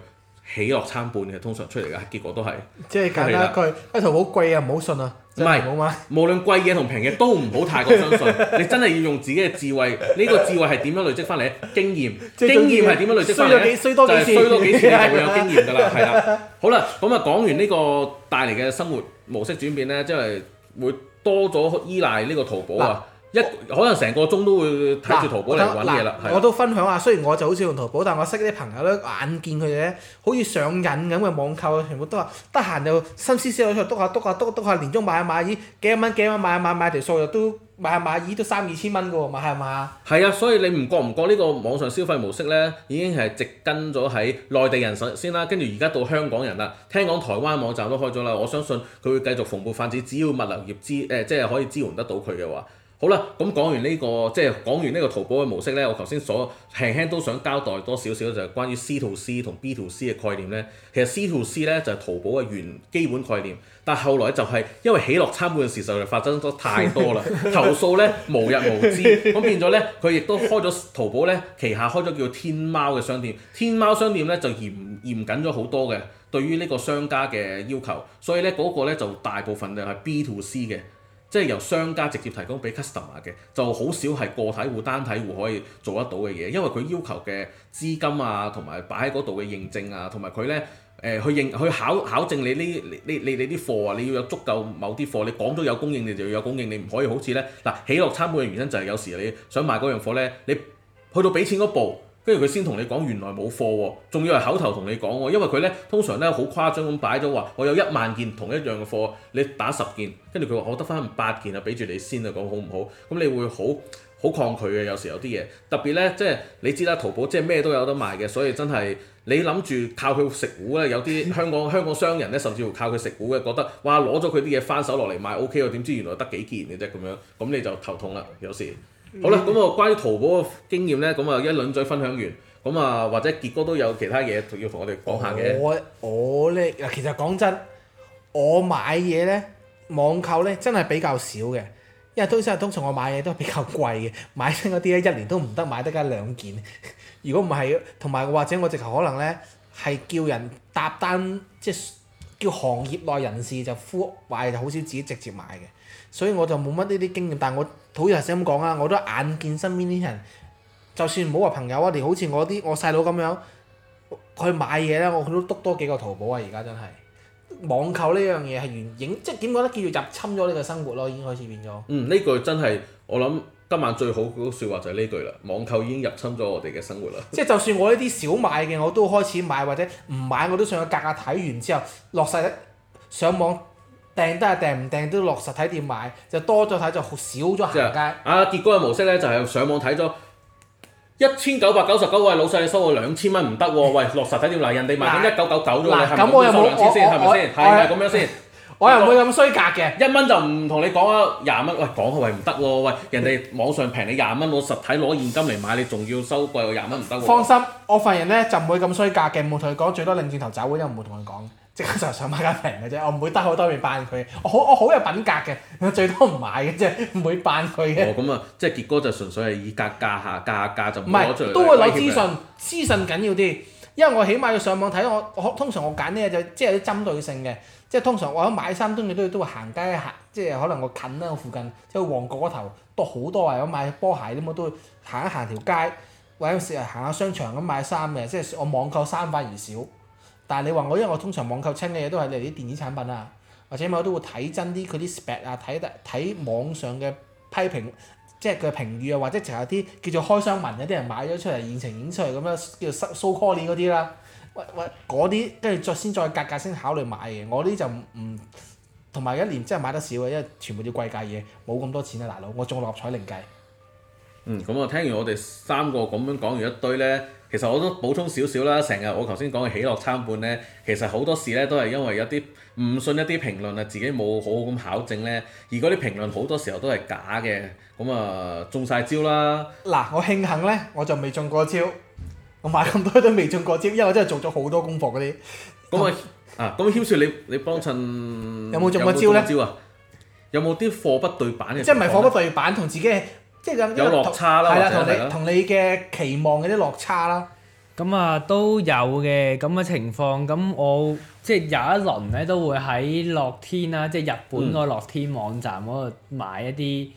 喜樂參半嘅，通常出嚟嘅結果都係。即係簡單一句，喺淘寶、啊、好貴嘢唔好信啊！唔係是，無論貴嘢同平嘢都唔好太過相信。 你真係要用自己嘅智慧，呢、這個智慧係點樣累積翻嚟？經驗，是經驗係點樣累積？衰嚟？幾衰多幾次，就衰多幾次，就幾次你就會有經驗㗎啦。係啦， 好啦，咁啊講完呢個帶嚟嘅生活模式轉變咧，即、就、係、是、會多咗依賴呢個淘寶啊。一我可能成個鐘都會睇住淘寶嚟揾嘢啦。我，是的 我都分享下，雖然我就好少用淘寶，但係我識啲朋友咧，眼見佢哋咧好似上癮咁嘅網購，全部都話得閒就心思思去篤下篤下篤篤下，年中買下買下，幾百蚊幾百蚊買下買買條數又都買下買下都三二千蚊嘅喎，係咪啊？係啊，所以你唔覺唔覺呢個網上消費模式咧，已經係植根咗喺內地人先啦，跟住而家到香港人啦。聽講台灣網站都開咗啦，我相信佢會繼續蓬勃發展，只要物流業支誒即係可以支援得到佢嘅話。好啦，咁講完呢、這個即係講完呢個淘寶嘅模式咧，我頭先所輕輕都想交代多少少就係、是、關於 C to C 同 B to C 嘅概念咧。其實 C to C 咧就係、是、淘寶嘅原基本概念，但係後來就係因為喜樂參半嘅事實發生咗太多啦， 投訴咧無日無之，咁變咗咧佢亦都開咗淘寶咧旗下開咗叫做天貓嘅商店，天貓商店咧就嚴嚴謹咗好多嘅對於呢個商家嘅要求，所以咧嗰、那個咧就大部分就係 B to C 嘅。即係由商家直接提供俾 customer 嘅，就好少係個體戶、單體戶可以做得到嘅嘢，因為佢要求嘅資金啊，同埋擺喺嗰度嘅認證啊，同埋佢咧誒去認去考考證你呢呢呢呢啲貨啊，你要有足夠某啲貨，你講咗有供應你就要有供應，你唔可以好似咧嗱，喜樂參半嘅原因就係有時你想買嗰樣貨咧，你去到俾錢嗰步。跟住佢先同你講，原來冇貨喎，仲要係口頭同你講喎，因為佢咧通常咧好誇張咁擺咗話，我有一萬件同一樣嘅貨，你打十件，跟住佢話我得翻八件啊，俾住你先啊，講好唔好？咁你會好好抗拒嘅，有時有啲嘢特別咧，即係你知啦，淘寶即係咩都有得賣嘅，所以真係你諗住靠佢食糊咧，有啲香港香港商人咧，甚至乎靠佢食糊嘅，覺得哇攞咗佢啲嘢翻手落嚟賣，OK 喎，我點知原來得幾件嘅啫咁樣，咁你就頭痛啦，有時。好啦，咁啊，關於淘寶嘅經驗咧，咁啊一輪嘴分享完，咁啊或者傑哥都有其他嘢要同我哋講下嘅。我我咧其實講真，我買嘢咧網購咧真係比較少嘅，因為通常通常我買嘢都係比較貴嘅， 買啲嗰啲咧一年都唔得買得㗎兩件，如果唔係，同埋或者我直頭可能咧係叫人搭單，即係叫行業內人士就呼，但就好少自己直接買嘅，所以我就冇乜呢啲經驗，但係我。好似係先咁講啊！我都眼見身邊啲人，就算唔好話朋友啊，連好似我啲我細佬咁樣佢買嘢咧，我都篤多幾個淘寶啊！而家真係網購呢樣嘢係完影，即係點講咧？叫做入侵咗你嘅生活咯，已經開始變咗。嗯，呢句真係我諗今晚最好嗰説話就係呢句啦。網購已經入侵咗我哋嘅生活啦。即係就算我呢啲少買嘅，我都開始買，或者唔買我都上個格格睇完之後落曬上網。訂都係，訂唔訂都落實體店買，就多咗睇，就好少咗行街。啊，結果嘅模式咧就係上網睇咗一千九百九十九，喂，老細你收我兩千蚊唔得喎，喂，落實體店嗱，人哋賣緊一九九九啫喎，咁我又冇兩千先？係咪咁樣先？我又唔會咁衰格嘅，一蚊就唔同你講啊，廿蚊喂講開喂唔得咯，喂，人哋網上平你廿蚊，攞實體攞現金嚟買，你仲要收貴我廿蚊唔得。放心，我份人咧就唔會咁衰格嘅，冇同你講，最多擰轉頭走，因為唔會同佢講。即刻就想買架平嘅啫，我唔會得好多面扮佢，我好我好有品格嘅，最多唔買嘅啫，唔會扮佢嘅。哦，咁啊，即係傑哥就純粹係以價價下價下價就唔係。都會攞資訊，資訊緊要啲，因為我起碼要上網睇我，通常我揀呢就即係有啲針對性嘅，即係通常我買衫都嘅都都會行街行，即係可能我近啦，我附近即係旺角嗰頭多好多啊，有買波鞋咁啊，都會行一行條街，或者成日行下商場咁買衫嘅，即係我網購衫反而少。但係你話我，因為我通常網購清嘅嘢都係嚟啲電子產品啊，或者我都會睇真啲佢啲 spec 啊，睇睇網上嘅批評，即係佢評語啊，或者有啲叫做開箱文，有啲人買咗出嚟，現場影出嚟咁樣叫 so-called 嗰啲啦，喂喂嗰啲，跟住再先再，再格價先考慮買嘅。我呢就唔同埋一年真係買得少嘅，因為全部要貴價嘢，冇咁多錢啊，大佬。我中六合彩零計、嗯。嗯，咁、嗯、啊、嗯，聽完我哋三個咁樣講完一堆咧。其實我都補充少少啦，成日我頭先講嘅喜樂參半呢，其實好多時呢都係因為有啲唔信一啲評論啊，自己冇好好咁考證呢。而嗰啲評論好多時候都係假嘅，咁啊中晒招啦。嗱，我慶幸呢，我就未中過招，我買咁多都未中過招，因為我真係做咗好多功課嗰啲。咁啊、那個、但啊，咁、那個、謙少你你幫襯有冇中過招呢？有冇啲貨不對板嘅？即係唔係貨不對板同自己？即係咁，有落差啦，或者係啦，同、啊、你同是、啊、你嘅期望嗰啲落差啦、啊。咁啊都有嘅咁嘅情況，咁我即係有一輪咧，都會喺樂天啦，即係日本個樂天網站嗰度買一啲、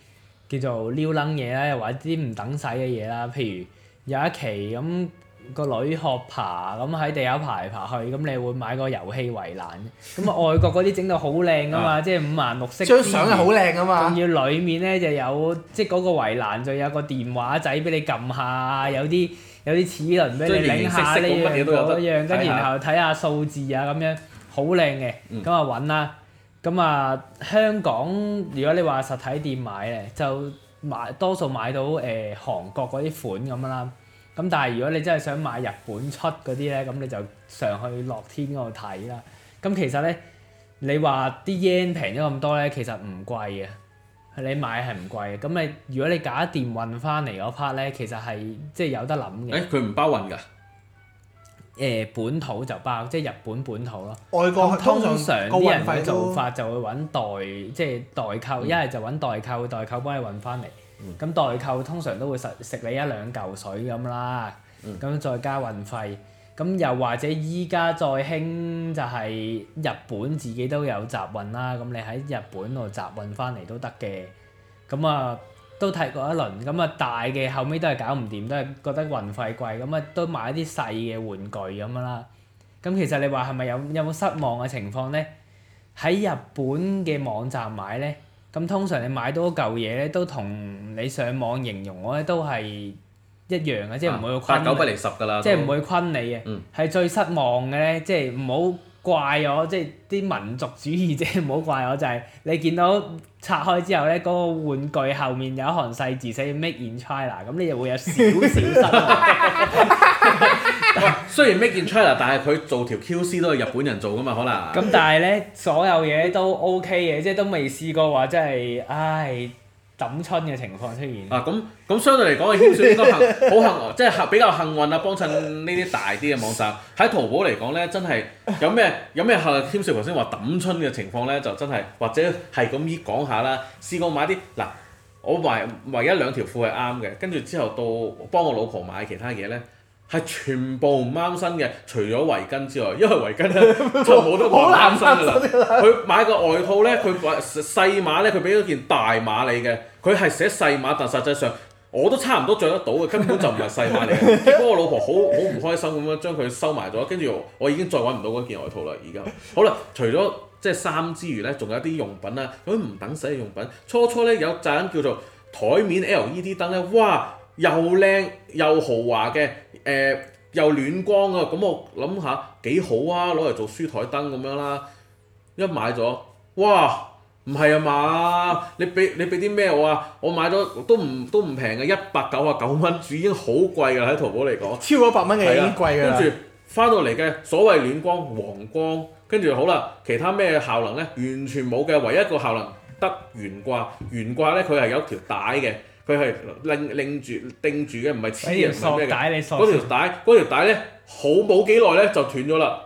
嗯、叫做撩楞嘢咧，或者啲唔等使嘅嘢啦，譬如有一期咁。個女學爬咁喺、嗯、地下爬嚟爬去，咁、嗯、你會買個遊戲圍欄。咁啊，外國嗰啲整到好靚噶嘛，即係五顏六色。張相又好靚啊嘛。仲要裡面咧就有即係嗰個圍欄，就有個電話仔俾你撳下，嗯、有啲有啲齒輪俾你擰下咁樣，跟住是是 然後睇下數字啊咁樣，好靚嘅。咁啊揾啦。咁啊、嗯，香港如果你話實體店買咧，就買多數買到誒韓國嗰啲款咁啦。咁但係如果你真係想買日本出嗰啲咧，咁你就上去樂天嗰度睇啦。咁其實咧，你話啲 yen 平咗咁多咧，其實唔貴嘅。你買係唔貴嘅。咁你如果你搞得掂運翻嚟嗰 part 咧，其實係即係有得諗嘅。誒、欸，佢唔包運㗎。誒、呃，本土就包，即係日本本土咯。外國、嗯、通常啲人嘅做法就會揾代，即、就、係、是、代購，一係就揾代購，代購幫你運翻嚟。咁、嗯、代購通常都會食食你一兩嚿水咁啦，咁、嗯、再加運費，咁又或者依家再興就係日本自己都有集運啦，咁你喺日本度集運翻嚟都得嘅，咁啊都睇過一輪，咁啊大嘅後尾都係搞唔掂，都係覺得運費貴，咁啊都買一啲細嘅玩具咁啦，咁其實你話係咪有有冇失望嘅情況咧？喺日本嘅網站買咧？咁通常你買多嚿嘢咧，都同你上網形容嗰啲都係一樣嘅，啊、即係唔會坤八，即係唔會坤你嘅，係、嗯、最失望嘅咧，即係唔好。怪我即係啲民族主義者唔好怪我，就係、是、你見到拆開之後咧，嗰、那個玩具後面有一行細字寫 Made in China，咁你就會有少少失望。雖然 Made in China，但係佢做條 QC 都係日本人做㗎嘛，可能。咁但係咧，所有嘢都 OK 嘅，即係都未試過話真係唉。抌春嘅情況出現啊！咁咁相對嚟講，謙少應該幸好 幸，即係比較幸運啦，幫襯呢啲大啲嘅網站。喺 淘寶嚟講咧，真係有咩有咩？謙少頭先話抌春嘅情況咧，就真係或者係咁易講下啦。試過買啲嗱，我買買一兩條褲係啱嘅，跟住之後到幫我老婆買其他嘢咧，係全部唔啱身嘅，除咗圍巾之外，因為圍巾咧全部都唔啱身嘅啦。佢 買個外套咧，佢細碼咧，佢俾咗件大碼你嘅。佢係寫細碼，但實際上我都差唔多著得到嘅，根本就唔係細碼嚟。結果我老婆好好唔開心咁樣將佢收埋咗，跟住我，我已經再揾唔到嗰件外套啦。而家好啦，除咗即係衫之餘咧，仲有啲用品啦。咁唔等使嘅用品，初初咧有盞叫做台面 LED 燈咧，哇，又靚又豪華嘅，誒、呃、又暖光啊！咁我諗下幾好啊，攞嚟做書台燈咁樣啦。一買咗，哇！唔係啊嘛！你俾你俾啲咩我啊？我買咗都唔都唔平嘅，一百九啊九蚊已經好貴㗎啦！喺淘寶嚟講，超過百蚊嘅嘢啦。已經貴㗎啦！跟住翻到嚟嘅所謂暖光黃光，跟住好啦，其他咩效能咧，完全冇嘅。唯一個效能得懸掛，懸掛咧佢係有條帶嘅，佢係拎拎住定住嘅，唔係黐人定咩嘅？嗰條帶嗰條帶咧好冇幾耐咧就斷咗啦。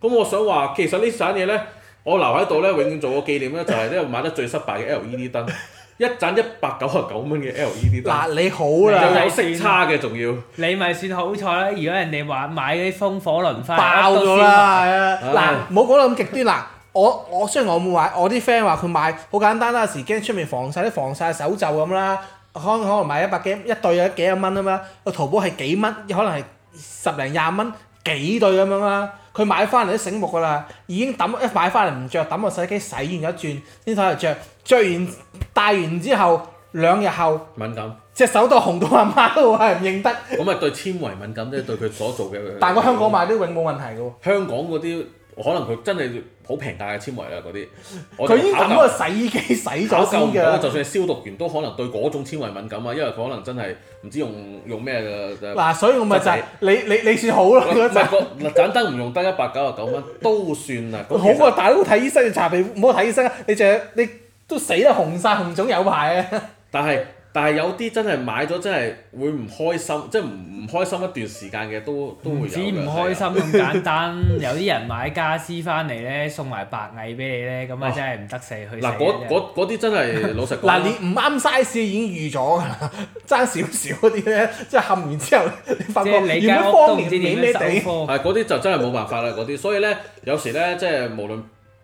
咁我想話，其實呢盞嘢咧。我留喺度咧，永遠做個紀念咧，就係呢度買得最失敗嘅 LED 燈， 一盞一百九十九蚊嘅 LED 燈。嗱，你好啦，又有色差嘅仲了要。你咪算好彩啦！如果人哋話買嗰啲風火輪翻爆咗啦，嗱，冇講到咁極端啦。我我雖然我冇買，我啲 friend 話佢買，好簡單啦，有時驚出面防晒啲防晒手袖咁啦，可可能買一百幾一對有幾十蚊啊嘛，個淘寶係幾蚊，可能係十零廿蚊。幾對咁樣啦，佢買翻嚟都醒目噶啦，已經揼一買翻嚟唔着，揼個洗衣機洗完一轉，先攞嚟着。着完戴完之後兩日後敏感，隻手都紅到阿媽，媽都係唔認得。咁咪對纖維敏感即係， 對佢所做嘅。但係我香港買啲永冇問題喎。香港嗰啲。可能佢真係好平價嘅纖維啊，嗰啲佢已經撳個洗衣機洗咗嘅， 就算係消毒完都可能對嗰種纖維敏感啊，因為佢可能真係唔知用用咩嘅。嗱、啊，所以我咪就係紮你你你算好咯，唔係個嗱盞燈唔用得一百九十九蚊都算啊。好啊，大佬睇醫生要搽皮膚，唔好睇醫生啊！你淨係你都死得紅晒，紅腫有排啊！ 但係。但係有啲真係買咗真係會唔開心，即係唔唔開心一段時間嘅都都會有。只、嗯、唔、啊、開心咁簡單， 有啲人買傢俬翻嚟咧送埋白蟻俾你咧，咁啊真係唔得死去嗱嗰嗰嗰啲真係老實講。嗱 你唔啱 size 已經預咗啦，爭少少嗰啲咧，即係冚完之後，你發覺你嘅。果方型扁啲啲，係嗰啲就真係冇辦法啦嗰啲。所以咧有時咧即係無論。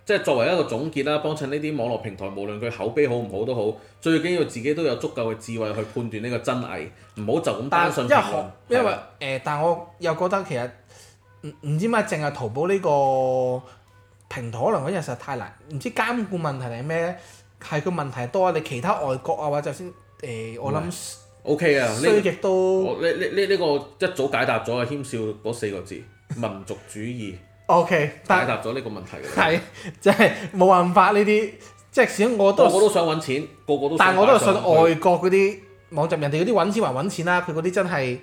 即係作為一個總結啦，幫襯呢啲網絡平台，無論佢口碑好唔好都好，最緊要自己都有足夠嘅智慧去判斷呢個真偽，唔好就咁單純。因為吧因為誒、呃，但係我又覺得其實唔唔、嗯、知點解淨係淘寶呢、這個平台，可能嗰陣實在太難，唔知監管問題係咩咧？係個問題多，你其他外國或者就先誒、呃，我諗 O K 啊，okay、衰極都呢呢呢呢個一早解答咗啊，謙少嗰四個字，民族主義。 O.K. 解答咗呢個問題嘅係， 即係冇辦法呢啲，即係始終我都我都想揾錢，個個都想，但係我都係信外國嗰啲網站，人哋嗰啲揾錢還揾錢啦、啊，佢嗰啲真係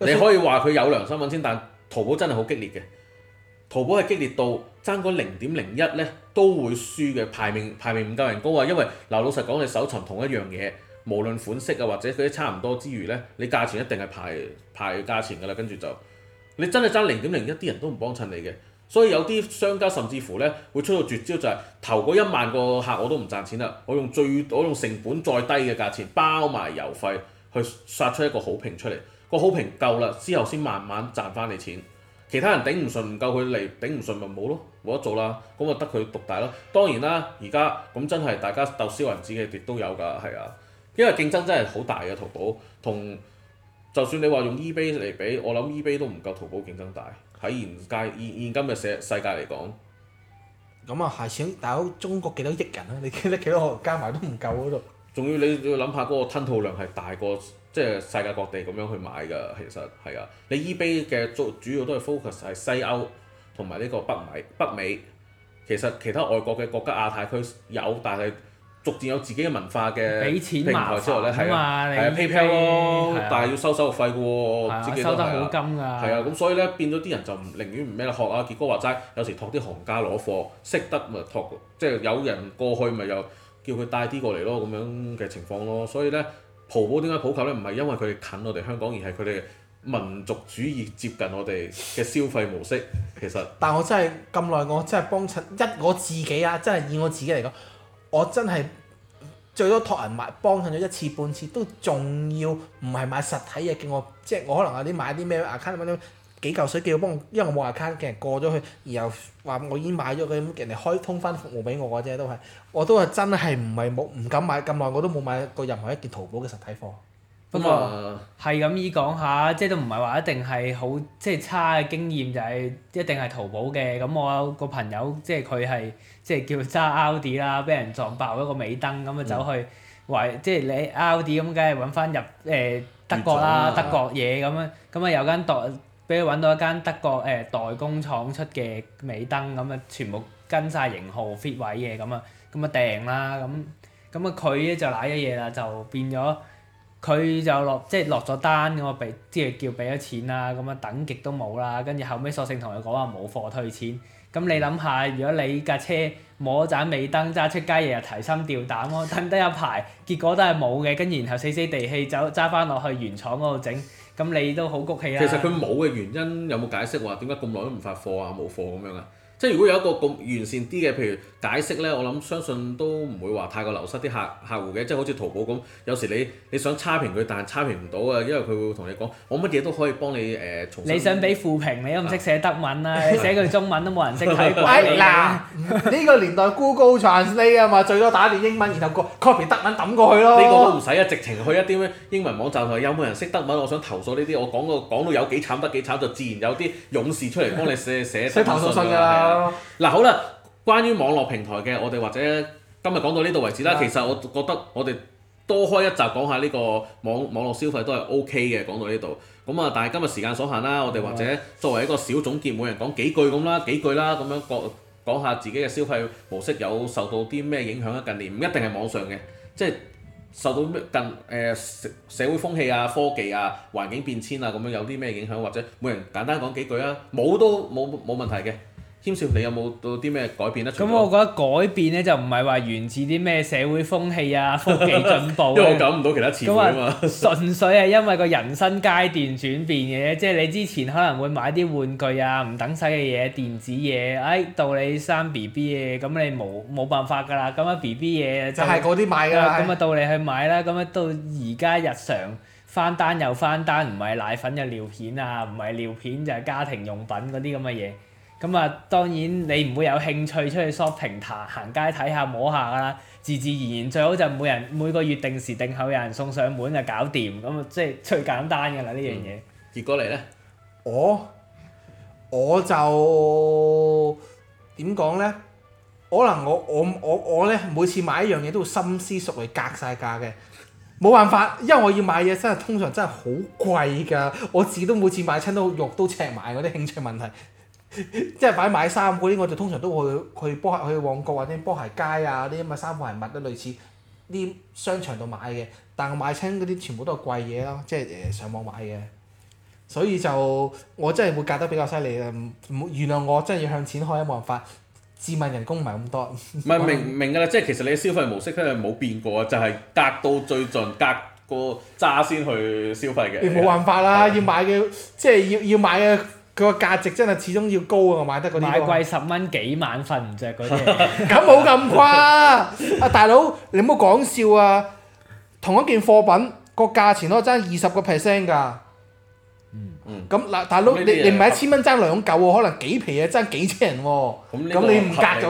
你可以話佢有良心揾錢，但係淘寶真係好激烈嘅，淘寶係激烈到爭個零點零一咧都會輸嘅，排名排名唔夠人高啊，因為嗱老實講你搜尋同一樣嘢，無論款式啊或者佢啲差唔多之餘咧，你價錢一定係排排價錢㗎啦，跟住就。你真係爭零點零一啲人都唔幫襯你嘅，所以有啲商家甚至乎咧會出到絕招、就是，就係頭嗰一萬個客我都唔賺錢啦，我用最我用成本再低嘅價錢包埋郵費去刷出一個好評出嚟，這個好評夠啦之後先慢慢賺返你錢，其他人頂唔順唔夠佢嚟頂唔順咪冇咯，冇得做啦，咁咪得佢獨大咯。當然啦，而家咁真係大家鬥燒銀紙嘅亦都有㗎，係啊，因為競爭真係好大嘅，淘寶同。就算你話用 eBay 嚟比，我諗 eBay 都唔夠淘寶競爭大。喺現階現現今嘅社世界嚟講，咁啊係請睇下中國幾多億人啊？你記得幾多個加埋都唔夠嗰度。仲要你要諗下嗰個吞吐量係大過即係世界各地咁樣去買㗎，其實係啊。你 eBay 嘅主主要都係 focus 喺西歐同埋呢個北米，北美，北美其實其他外國嘅國家，亞太區有但係。逐漸有自己嘅文化嘅平台之後咧，係 PayPal、啊、但係要收手續費嘅喎，啊、自己收得好金㗎。係啊，咁所以咧變咗啲人就唔寧願唔咩啦，學啊傑哥話齋，有時託啲行家攞貨，識得咪託，即係、就是、有人過去咪又叫佢帶啲過嚟咯，咁樣嘅情況咯。所以咧，淘寶點解普及咧？唔係因為佢哋近我哋香港，而係佢哋民族主義接近我哋嘅消費模式。其實，但我真係咁耐，我真係幫襯一我自己啊！真係以我自己嚟講。我真係最多託人買幫襯咗一次半次，都仲要唔係買實體嘢叫我，即係我可能有啲買啲咩 account 咁樣幾嚿水叫我幫，因為我冇 account，叫人過咗去，然後話我已經買咗佢，咁人哋開通返服務俾我嘅啫，都係我都係真係唔係冇唔敢買咁耐，我都冇買,買過任何一件淘寶嘅實體貨。不過係咁而講下，即係都唔係話一定係好即係差嘅經驗，就係、係、一定係淘寶嘅。咁我個朋友即係佢係。即係叫揸 Audi 啦，俾人撞爆一個尾燈咁啊，走去維，嗯、即係你 Audi 咁，梗係揾翻入誒德國啦，啊、德國嘢咁啊，咁啊有間代，俾佢揾到一間德國誒、呃、代工廠出嘅尾燈咁啊，全部跟晒型號 fit 位嘅咁啊，咁啊訂啦咁，咁啊佢咧就賴咗嘢啦，就變咗佢就落即係落咗單咁啊俾，即係叫俾咗錢啦，咁啊等極都冇啦，跟住後尾索性同佢講話冇貨退錢。咁你諗下，如果你架車冇咗盞尾燈，揸出街日日提心吊膽咯，等得一排，結果都係冇嘅，跟住然後死死地氣走，揸翻落去原廠嗰度整，咁你都好谷氣啊！其實佢冇嘅原因有冇解釋話點解咁耐都唔發貨啊，冇貨咁樣啊？即係如果有一個咁完善啲嘅，譬如解釋咧，我諗相信都唔會話太過流失啲客戶客戶嘅。即係好似淘寶咁，有時你你想差評佢，但係差評唔到啊，因為佢會同你講我乜嘢都可以幫你誒、呃、重新。你想俾負評，你都唔識寫德文啦、啊，啊、你寫句中文都冇人識睇。嗱，呢個年代 Google Translate 啊嘛，最多打段英文，然後 copy 德文抌過去咯。呢個都唔使啊，直情去一啲咩英文網站度有冇人識德文？我想投訴呢啲，我講到講到有幾慘得幾慘，就自然有啲勇士出嚟幫你寫寫 投訴信㗎、就是。嗱、啊，好啦，關於網絡平台嘅，我哋或者今日講到呢度為止啦。的其實我覺得我哋多開一集講下呢個網網絡消費都係 O K 嘅。講到呢度，咁啊，但係今日時間所限啦，我哋或者的作為一個小總結，每人講幾句咁啦，幾句啦，咁樣講講下自己嘅消費模式有受到啲咩影響啊？近年唔一定係網上嘅，即係受到咩近誒社會風氣啊、科技啊、環境變遷啊咁樣有啲咩影響，或者每人簡單講幾句啊，冇都冇冇問題嘅。兼少你有冇到啲咩改變咧？咁我覺得改變咧就唔係話源自啲咩社會風氣啊、科技進步啊。 因唔到其他次類說 純粹係因為個人生階段轉變嘅啫，即、就、係、是、你之前可能會買啲玩具啊、唔等使嘅嘢、電子嘢，誒、哎、到你生 B B 嘅，咁你冇冇辦法㗎啦。咁啊 B B 嘢就係嗰啲買㗎。咁啊到你去買啦，咁啊到而家日常翻單又翻單，唔買奶粉又尿片啊，唔買尿片就家庭用品嗰啲咁嘅嘢。咁啊，當然你唔會有興趣出去 shopping、行行街睇下摸下噶啦，自自然然最好就每人每個月定時定候有人送上門就搞掂，咁啊即係最簡單噶啦呢樣嘢。嗯、結果嚟咧，我我就點講咧？可能我我我我咧每次買一樣嘢都會深思熟慮，格晒價嘅。冇辦法，因為我要買嘢真係通常真係好貴噶，我自己都每次買親都肉都赤埋嗰啲興趣問題。即係擺買衫嗰啲，我就通常都會去去波鞋、去旺角或者波鞋街啊啲咁嘅衫褲鞋襪都類似啲商場度買嘅。但係買親嗰啲全部都係貴嘢咯，即係誒上網買嘅。所以就我真係會隔得比較犀利嘅，原諒我真係要向錢開，冇辦法，自問人工唔係咁多。唔係明白就明㗎啦，即係其實你嘅消費模式真係冇變過，就係、是、隔到最盡，隔個渣先去消費嘅。你冇辦法啦的，要買嘅即係要要買嘅。佢個價值真係始終要高啊！我買得嗰啲，太貴十蚊幾晚瞓唔著嗰啲，咁冇咁誇啊！大佬，你唔好講笑啊！同一件貨品個價錢攞爭二十個 percent 㗎，咁嗱、嗯嗯，大佬你你唔係一千蚊爭兩嚿喎、啊，可能幾皮嘢、啊、爭幾千人喎，咁、嗯、這你唔夾就？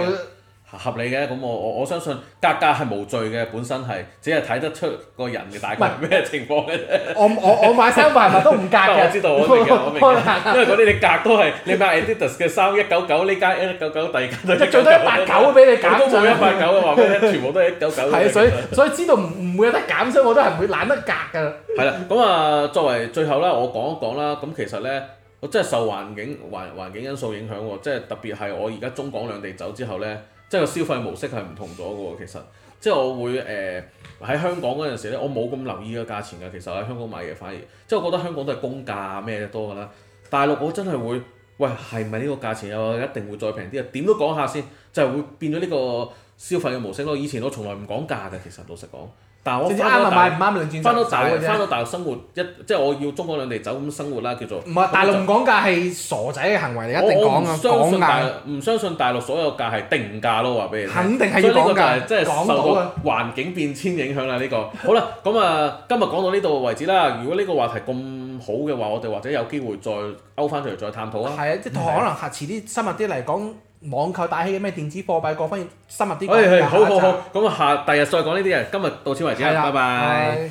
合理嘅。咁我我我相信格價係無罪嘅，本身係只係睇得出個人嘅大概咩情況嘅啫是。 我我我買衫買埋都唔格㗎。 知道，我明我，我明我，因為嗰啲你格都係 你買 Adidas 嘅衫一九九呢間一九九，第二間最多一百九俾你減都冇一百九嘅話，咩全部都係一九九。係啊， 所以所以，所以知道唔唔會有得減，所以我都係唔會懶得格㗎。係 啦，咁啊，作為最後啦，我講一講啦。咁其實咧，我真係受環境環環境因素影響喎，即係特別係我而家中港兩地走之後咧。即係個消費模式係唔同咗喎，其實即係我會誒喺、呃、香港嗰陣時咧，我冇咁留意個價錢㗎。其實我喺香港買嘢反而，即係我覺得香港都係公價咩、啊、多㗎啦。大陸我真係會，喂係咪呢個價錢啊？一定會再平啲啊？點都講下先，就係、會變咗呢個消費嘅模式咯。以前我從來唔講價㗎，其實老實講。但係我翻到大陸，翻到大，翻到大陸生活一，即係我要中港兩地走咁生活啦，叫做。唔係大陸唔講價係傻仔嘅行為，你一定講啊！講硬，唔相信大陸解所有價係定價咯，話俾你聽。肯定係要講價。講到啊！環境變遷影響啦，呢、呢個。好啦，咁、嗯、啊、嗯，今日講到呢度為止啦。如果呢個話題咁好嘅話，我哋或者有機會再勾翻出嚟再探討啊。係啊，即係可能下次啲深入啲嚟講。網購帶起嘅咩電子貨幣各方面深入啲講，好好好。咁、就是、下第日再講呢啲啊，今日到此為止，的拜拜。